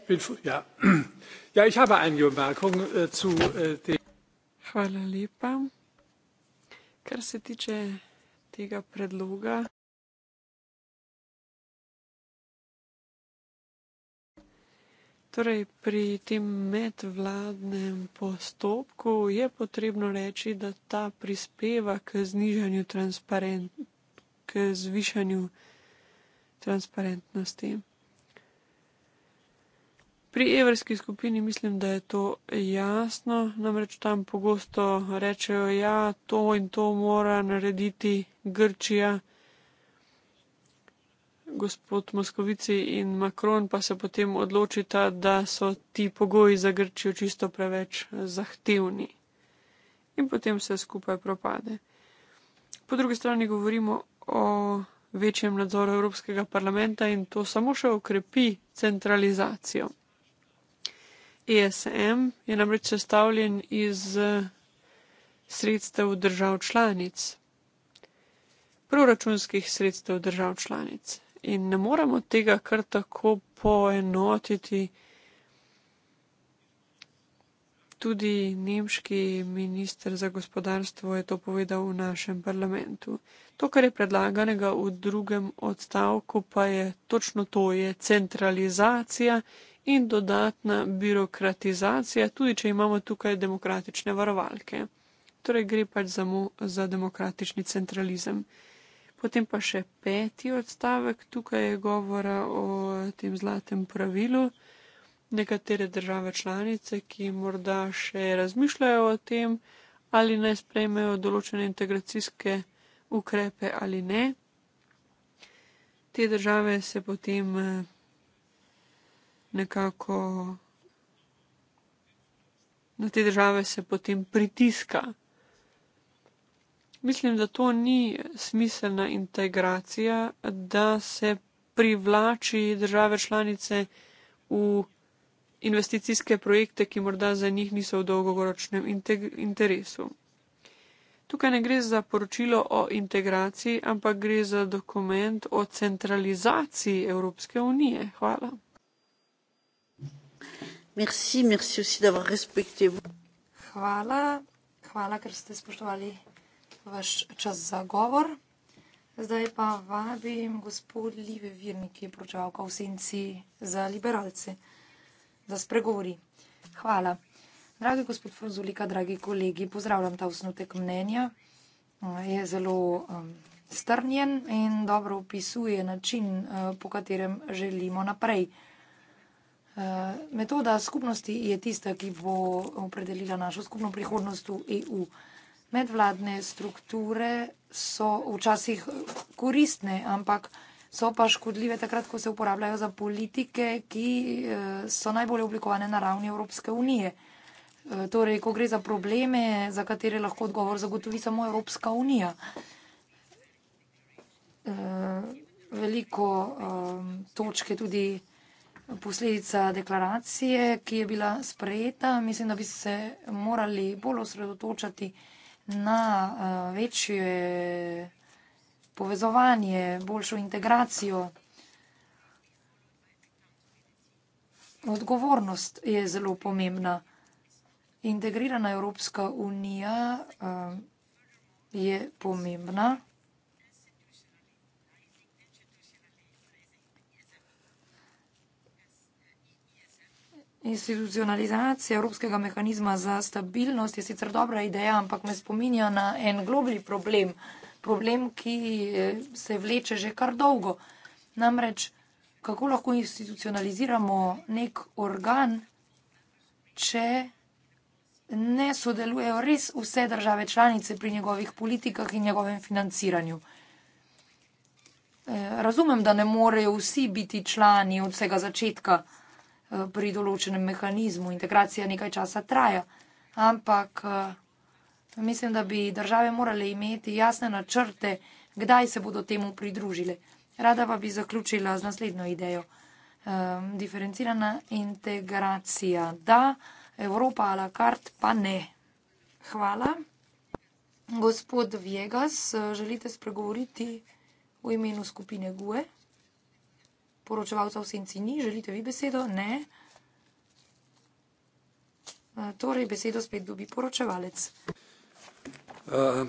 Bin, ja. ja, ich habe eine Bemerkung äh, zu äh, dem. Hvala lepa. Kar se tiče tega predloga. Torej, pri tem medvladnem postopku je potrebno reči, da ta prispeva k znižanju transparentnosti, k zvišanju transparentnosti. Pri evrski skupini mislim, da je to jasno, namreč tam pogosto rečejo, ja, to in to mora narediti Grčija gospod Moskovici in Makron pa se potem odločita, da so ti pogoji za Grčijo čisto preveč eh, zahtevni. In potem vse skupaj propade. Po drugi strani govorimo o večjem nadzoru Evropskega parlamenta in to samo še okrepi centralizacijo. ESM je namreč sestavljen iz eh, sredstev držav članic, proračunskih sredstev držav članic in ne moremo tega kar tako poenotiti. Tudi nemški minister za gospodarstvo je to povedal v našem parlamentu. To, kar je predlaganega v drugem odstavku, pa je točno to, je centralizacija in dodatna birokratizacija, tudi če imamo tukaj demokratične varovalke. Torej gre pač samo za demokratični centralizem. Potem pa še peti odstavek, tukaj je govora o tem zlatem pravilu. Nekatere države članice, ki morda še razmišljajo o tem, ali naj sprejmejo določene integracijske ukrepe ali ne. Te države se potem eh, nekako, na te države se potem pritiska mislim, da to ni smiselna integracija, da se privlači države članice v investicijske projekte, ki morda za njih niso v dolgoročnem interesu. Tukaj ne gre za poročilo o integraciji, ampak gre za dokument o centralizaciji Evropske unije. Hvala. Merci, merci aussi d'avoir respecté vous. Hvala, hvala, ker ste spoštovali vaš čas za govor. Zdaj pa vabim gospod Live Virni, ki je pročavka v senci za liberalce, da spregovori. Hvala. Dragi gospod Fonzulika, dragi kolegi, pozdravljam ta osnutek mnenja. Je zelo um, strnjen in dobro opisuje način, uh, po katerem želimo naprej. Uh, metoda skupnosti je tista, ki bo opredelila našo skupno prihodnost v EU. Uh, medvladne strukture so včasih koristne, ampak so pa škodljive takrat, ko se uporabljajo za politike, ki eh, so najbolje oblikovane na ravni Evropske unije. Eh, torej, ko gre za probleme, za katere lahko odgovor zagotovi samo Evropska unija. Eh, veliko točk je tudi posledica deklaracije, ki je bila sprejeta. Mislim, da bi se morali bolj osredotočati na na uh, večje povezovanje, boljšo integracijo. Odgovornost je zelo pomembna. Integrirana Evropska unija uh, je pomembna. Institucionalizacija Evropskega mehanizma za stabilnost je sicer dobra ideja, ampak me spominja na en globlji problem, problem, ki se vleče že kar dolgo. Namreč, kako lahko institucionaliziramo nek organ, če ne sodelujejo res vse države članice pri njegovih politikah in njegovem financiranju. Eh, razumem, da ne morejo vsi biti člani od vsega začetka. Eh, pri določenem mehanizmu. Integracija nekaj časa traja, ampak eh, mislim, da bi države morale imeti jasne načrte, kdaj se bodo temu pridružile. Rada pa bi zaključila z naslednjo idejo. Diferencirana integracija, da, Evropa a la carte, pa ne. Hvala. Gospod Viegas, eh, želite spregovoriti v imenu skupine GUE? poročevalca v senci ni, želite vi besedo? Ne. E, torej, besedo spet dobi poročevalec. E,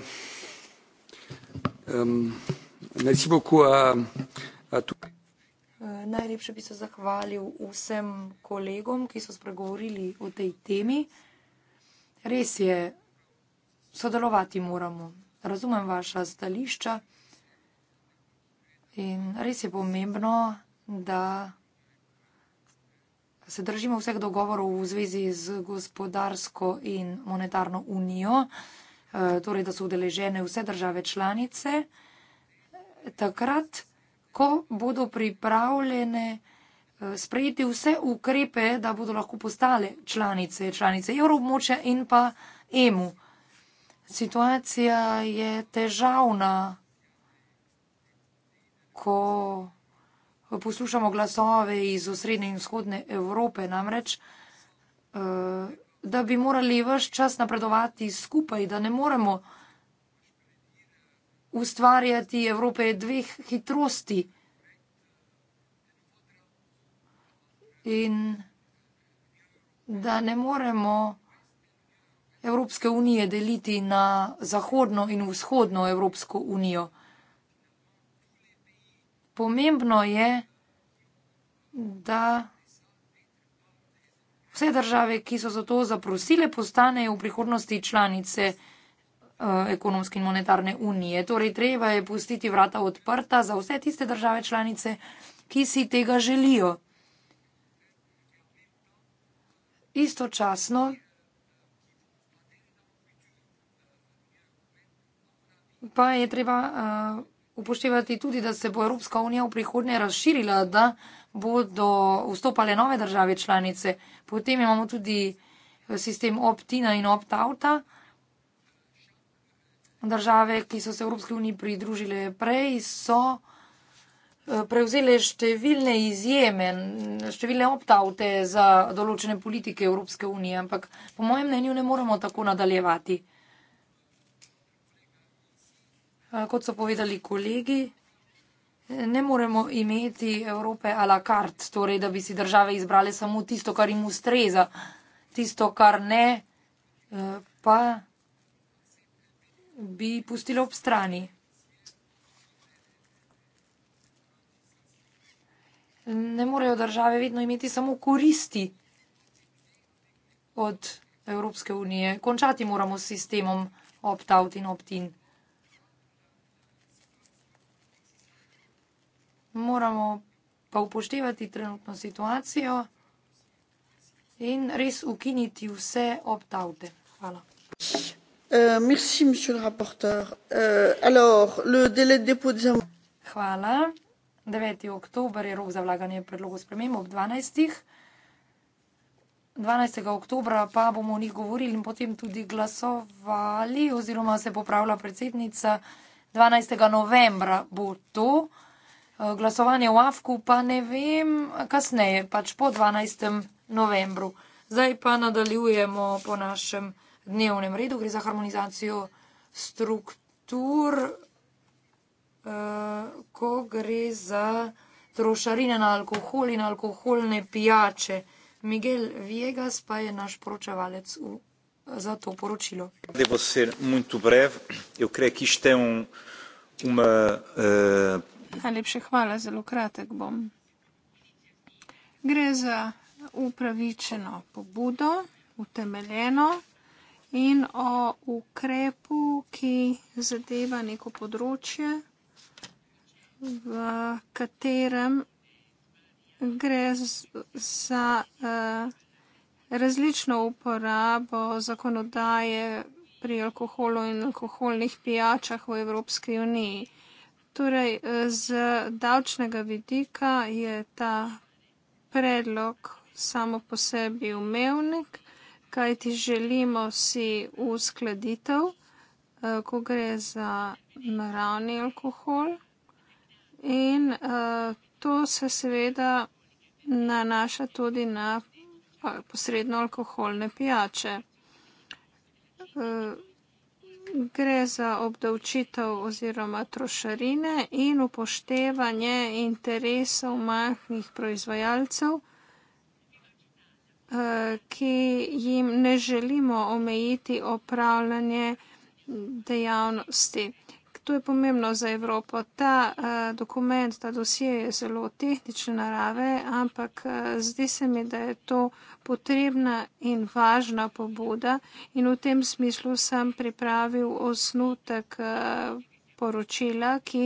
e, najlepše bi se zahvalil vsem kolegom, ki so spregovorili o tej temi. Res je, sodelovati moramo. Razumem vaša stališča in res je pomembno, da da se držimo vseh dogovorov v zvezi z gospodarsko in monetarno unijo, eh, torej da so udeležene vse države članice, takrat, ko bodo pripravljene eh, sprejeti vse ukrepe, da bodo lahko postale članice, članice evroobmočja in pa EMU. Situacija je težavna, ko poslušamo glasove iz osrednje in vzhodne Evrope, namreč, eh, da bi morali vse čas napredovati skupaj, da ne moremo ustvarjati Evrope dveh hitrosti. In da ne moremo Evropske unije deliti na Zahodno in Vzhodno Evropsko unijo pomembno je, da vse države, ki so za to zaprosile, postanejo v prihodnosti članice eh, ekonomske in monetarne unije. Torej, treba je pustiti vrata odprta za vse tiste države članice, ki si tega želijo. Istočasno pa je treba uh, upoštevati tudi, da se bo Evropska unija v prihodnje razširila, da bodo vstopale nove države članice. Potem imamo tudi eh, sistem opt-ina in opt-outa. Države, ki so se Evropske unije pridružile prej, so eh, prevzele številne izjeme, številne opt-oute za določene politike Evropske unije, ampak po mojem mnenju ne moremo tako nadaljevati. Eh, kot so povedali kolegi, ne moremo imeti Evrope a la carte, torej da bi si države izbrale samo tisto, kar jim ustreza, tisto, kar ne, eh, pa bi pustili ob strani. Ne morejo države vedno imeti samo koristi od Evropske unije. Končati moramo s sistemom opt-out in opt-in. moramo pa upoštevati trenutno situacijo in res ukiniti vse optaute. Hvala. Eh, merci, monsieur le rapporteur. Euh, alors, le délai de dépôt des amendements. Hvala. 9. oktober je rok za vlaganje predlogov sprememb ob 12. 12. oktobra pa bomo o njih govorili in potem tudi glasovali oziroma se popravila predsednica. 12. novembra bo to. Eh, glasovanje v Afku, pa ne vem, kasneje, pač po 12. novembru. Zdaj pa nadaljujemo po našem dnevnem redu, gre za harmonizacijo struktur, uh, ko gre za trošarine na alkohol in alkoholne pijače. Miguel Viegas pa je naš poročevalec v, za to poročilo. Devo ser muito brev, eu creio que isto é um, uma, uh, Najlepše hvala, zelo kratek bom. Gre za upravičeno pobudo, utemeljeno in o ukrepu, ki zadeva neko področje, v katerem gre za eh, različno uporabo zakonodaje pri alkoholu in alkoholnih pijačah v Evropski uniji. Torej, eh, z davčnega vidika je ta predlog samo po sebi umevnik, kajti želimo si uskladitev, eh, ko gre za naravni alkohol. In eh, to se seveda nanaša tudi na posredno alkoholne pijače gre za obdavčitev oziroma trošarine in upoštevanje interesov majhnih proizvajalcev, eh, ki jim ne želimo omejiti opravljanje dejavnosti to je pomembno za Evropo. Ta uh, dokument, ta dosje je zelo tehnične narave, ampak uh, zdi se mi, da je to potrebna in važna pobuda in v tem smislu sem pripravil osnutek. Uh, poročila, ki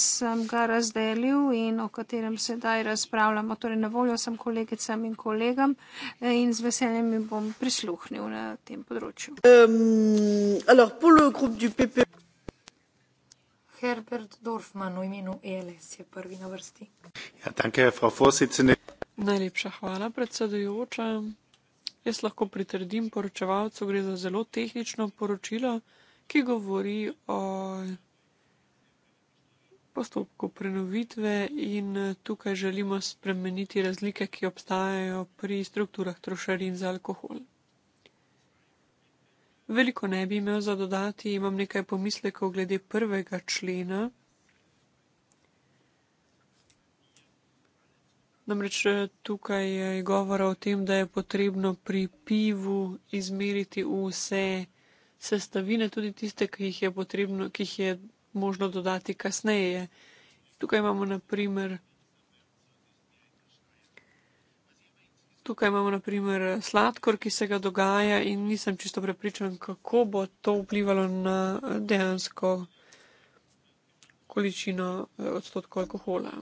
sem ga razdelil in o katerem sedaj razpravljamo. Torej, na voljo sem kolegicam in kolegam in z veseljem bom prisluhnil na tem področju. Um, alors, Herbert Dorfman v imenu ELS je prvi na vrsti. Ja, danke, Frau Vorsitzende. Najlepša hvala, predsedujoča. Jaz lahko pritrdim poročevalcu, gre za zelo tehnično poročilo, ki govori o postopku prenovitve in tukaj želimo spremeniti razlike, ki obstajajo pri strukturah trošarin za alkohol. Veliko ne bi imel za dodati, imam nekaj pomislekov glede prvega člena. Namreč eh, tukaj je govora o tem, da je potrebno pri pivu izmeriti vse sestavine, tudi tiste, ki jih je potrebno, ki jih je možno dodati kasneje. Tukaj imamo naprimer Tukaj imamo naprimer sladkor, ki se ga dogaja in nisem čisto prepričan, kako bo to vplivalo na dejansko količino eh, odstotkov alkohola.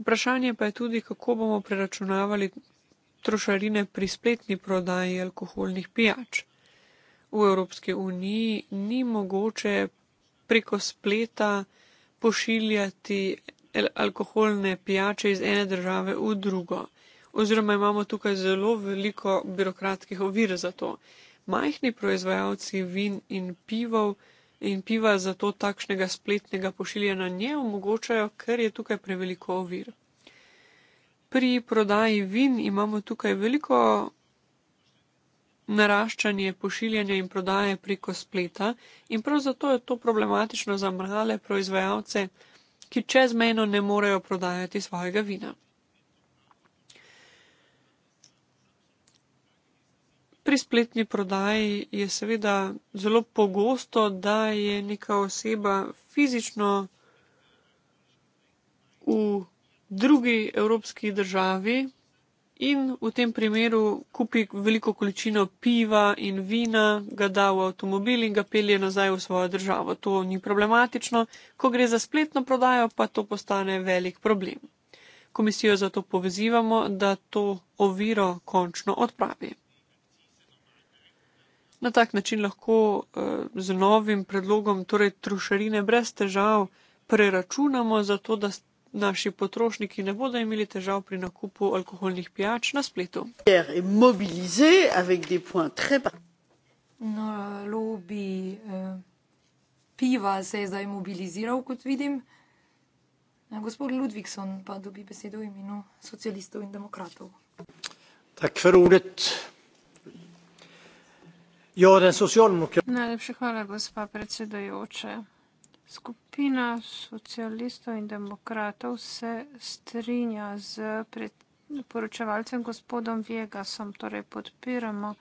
Vprašanje pa je tudi, kako bomo preračunavali trošarine pri spletni prodaji alkoholnih pijač. V Evropski uniji ni mogoče preko spleta pošiljati alkoholne pijače iz ene države v drugo oziroma imamo tukaj zelo veliko birokratskih ovir za to. Majhni proizvajalci vin in pivov in piva za to takšnega spletnega pošiljanja ne omogočajo, ker je tukaj preveliko ovir. Pri prodaji vin imamo tukaj veliko naraščanje pošiljanja in prodaje preko spleta in prav zato je to problematično za male proizvajalce, ki čezmejno ne morejo prodajati svojega vina. pri spletni prodaji je seveda zelo pogosto, da je neka oseba fizično v drugi evropski državi in v tem primeru kupi veliko količino piva in vina, ga da v avtomobil in ga pelje nazaj v svojo državo. To ni problematično, ko gre za spletno prodajo, pa to postane velik problem. Komisijo zato povezivamo, da to oviro končno odpravi na tak način lahko eh, z novim predlogom, torej trošarine brez težav, preračunamo, zato da naši potrošniki ne bodo imeli težav pri nakupu alkoholnih pijač na spletu. No, lobby eh, piva se je zdaj mobiliziral, kot vidim. Ja, gospod Ludvikson pa dobi besedo v imenu socialistov in demokratov. Tak, hvala. No, Najlepša hvala, gospa predsedajoča. Skupina socialistov in demokratov se strinja z poročevalcem gospodom Vegasom, torej podpiramo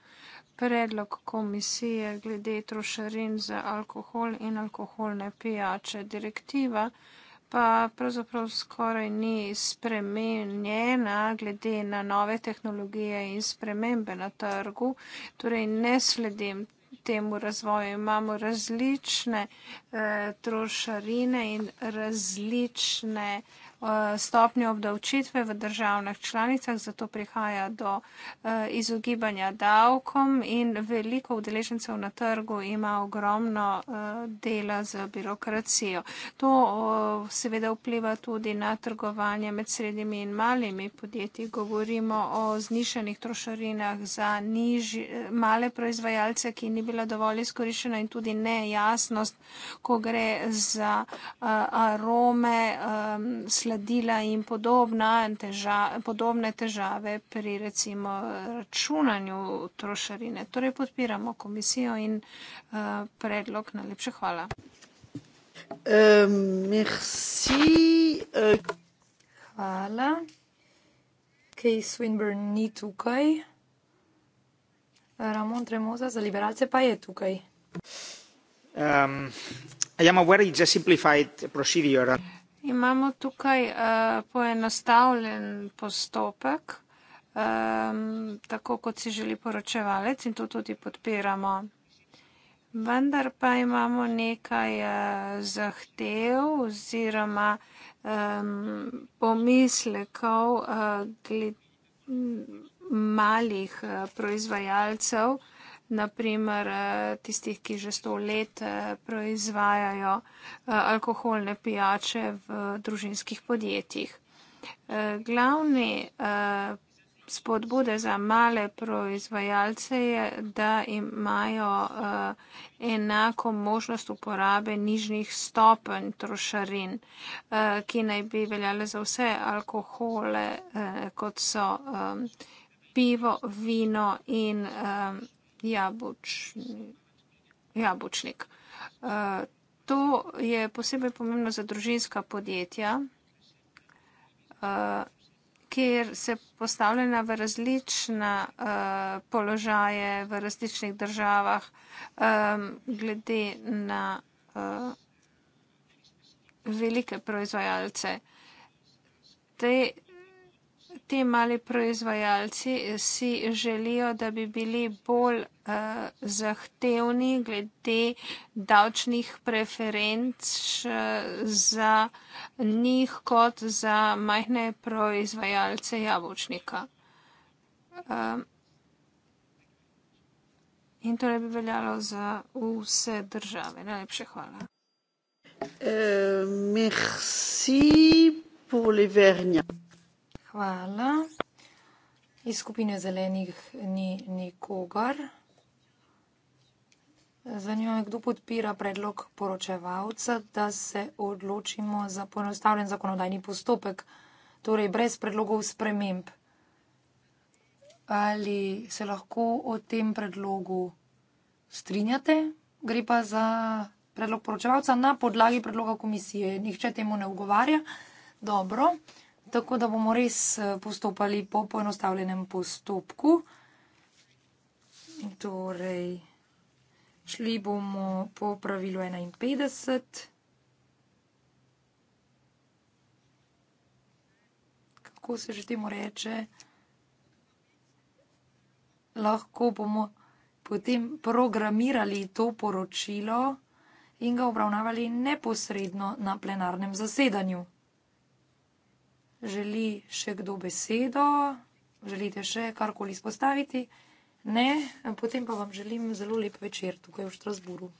predlog komisije glede trošarin za alkohol in alkoholne pijače. Direktiva pa pravzaprav skoraj ni spremenjena glede na nove tehnologije in spremembe na trgu. Torej ne sledim temu razvoju. Imamo različne eh, trošarine in različne eh, Eh, stopnjo obdavčitve v državnih članicah, zato prihaja do eh, izogibanja davkom in veliko udeležencev na trgu ima ogromno eh, dela z birokracijo. To seveda vpliva tudi na trgovanje med srednjimi in malimi podjetji. Govorimo o znišenih trošarinah za niži, male proizvajalce, ki ni bila dovolj izkoriščena in tudi nejasnost, ko gre za arome. Um, gladila in podobna, teža, podobne težave pri recimo računanju trošarine. Torej podpiramo komisijo in uh, predlog. Najlepša hvala. Um, merci, uh... Hvala. Kej Swinburne ni tukaj. Ramon Tremosa za liberalce pa je tukaj. Um, I am aware it's a simplified procedure imamo tukaj uh, poenostavljen postopek, um, tako kot si želi poročevalec in to tudi podpiramo. Vendar pa imamo nekaj uh, zahtev oziroma um, pomislekov uh, eh, glede malih uh, proizvajalcev naprimer eh, tistih, ki že sto let eh, proizvajajo eh, alkoholne pijače v družinskih podjetjih. Glavni spodbude za male proizvajalce je, da imajo enako možnost uporabe nižnih stopenj trošarin, ki naj bi veljale za vse alkohole, kot so pivo, vino in jabučni, jabučnik. Eh, to je posebej pomembno za družinska podjetja, eh, kjer se postavljena v različna eh, položaje v različnih državah glede na velike proizvajalce. Te ti mali proizvajalci si želijo, da bi bili bolj uh, zahtevni glede davčnih preferenc uh, za njih kot za majhne proizvajalce jabočnika. Um, eh, in to torej ne bi veljalo za vse države. Najlepše hvala. Uh, merci pour les vergnats. Hvala. Iz skupine zelenih ni nikogar. Zanima me, kdo podpira predlog poročevalca, da se odločimo za ponostavljen zakonodajni postopek, torej brez predlogov sprememb. Ali se lahko o tem predlogu strinjate? Gre pa za predlog poročevalca na podlagi predloga komisije. Nihče temu ne ugovarja. Dobro tako da bomo res eh, postopali po poenostavljenem postopku. Torej, šli bomo po pravilu 51. Kako se že temu reče? Lahko bomo potem programirali to poročilo in ga obravnavali neposredno na plenarnem zasedanju. Želi še kdo besedo? Želite še karkoli izpostaviti? Ne, potem pa vam želim zelo lep večer tukaj v Štrasburu.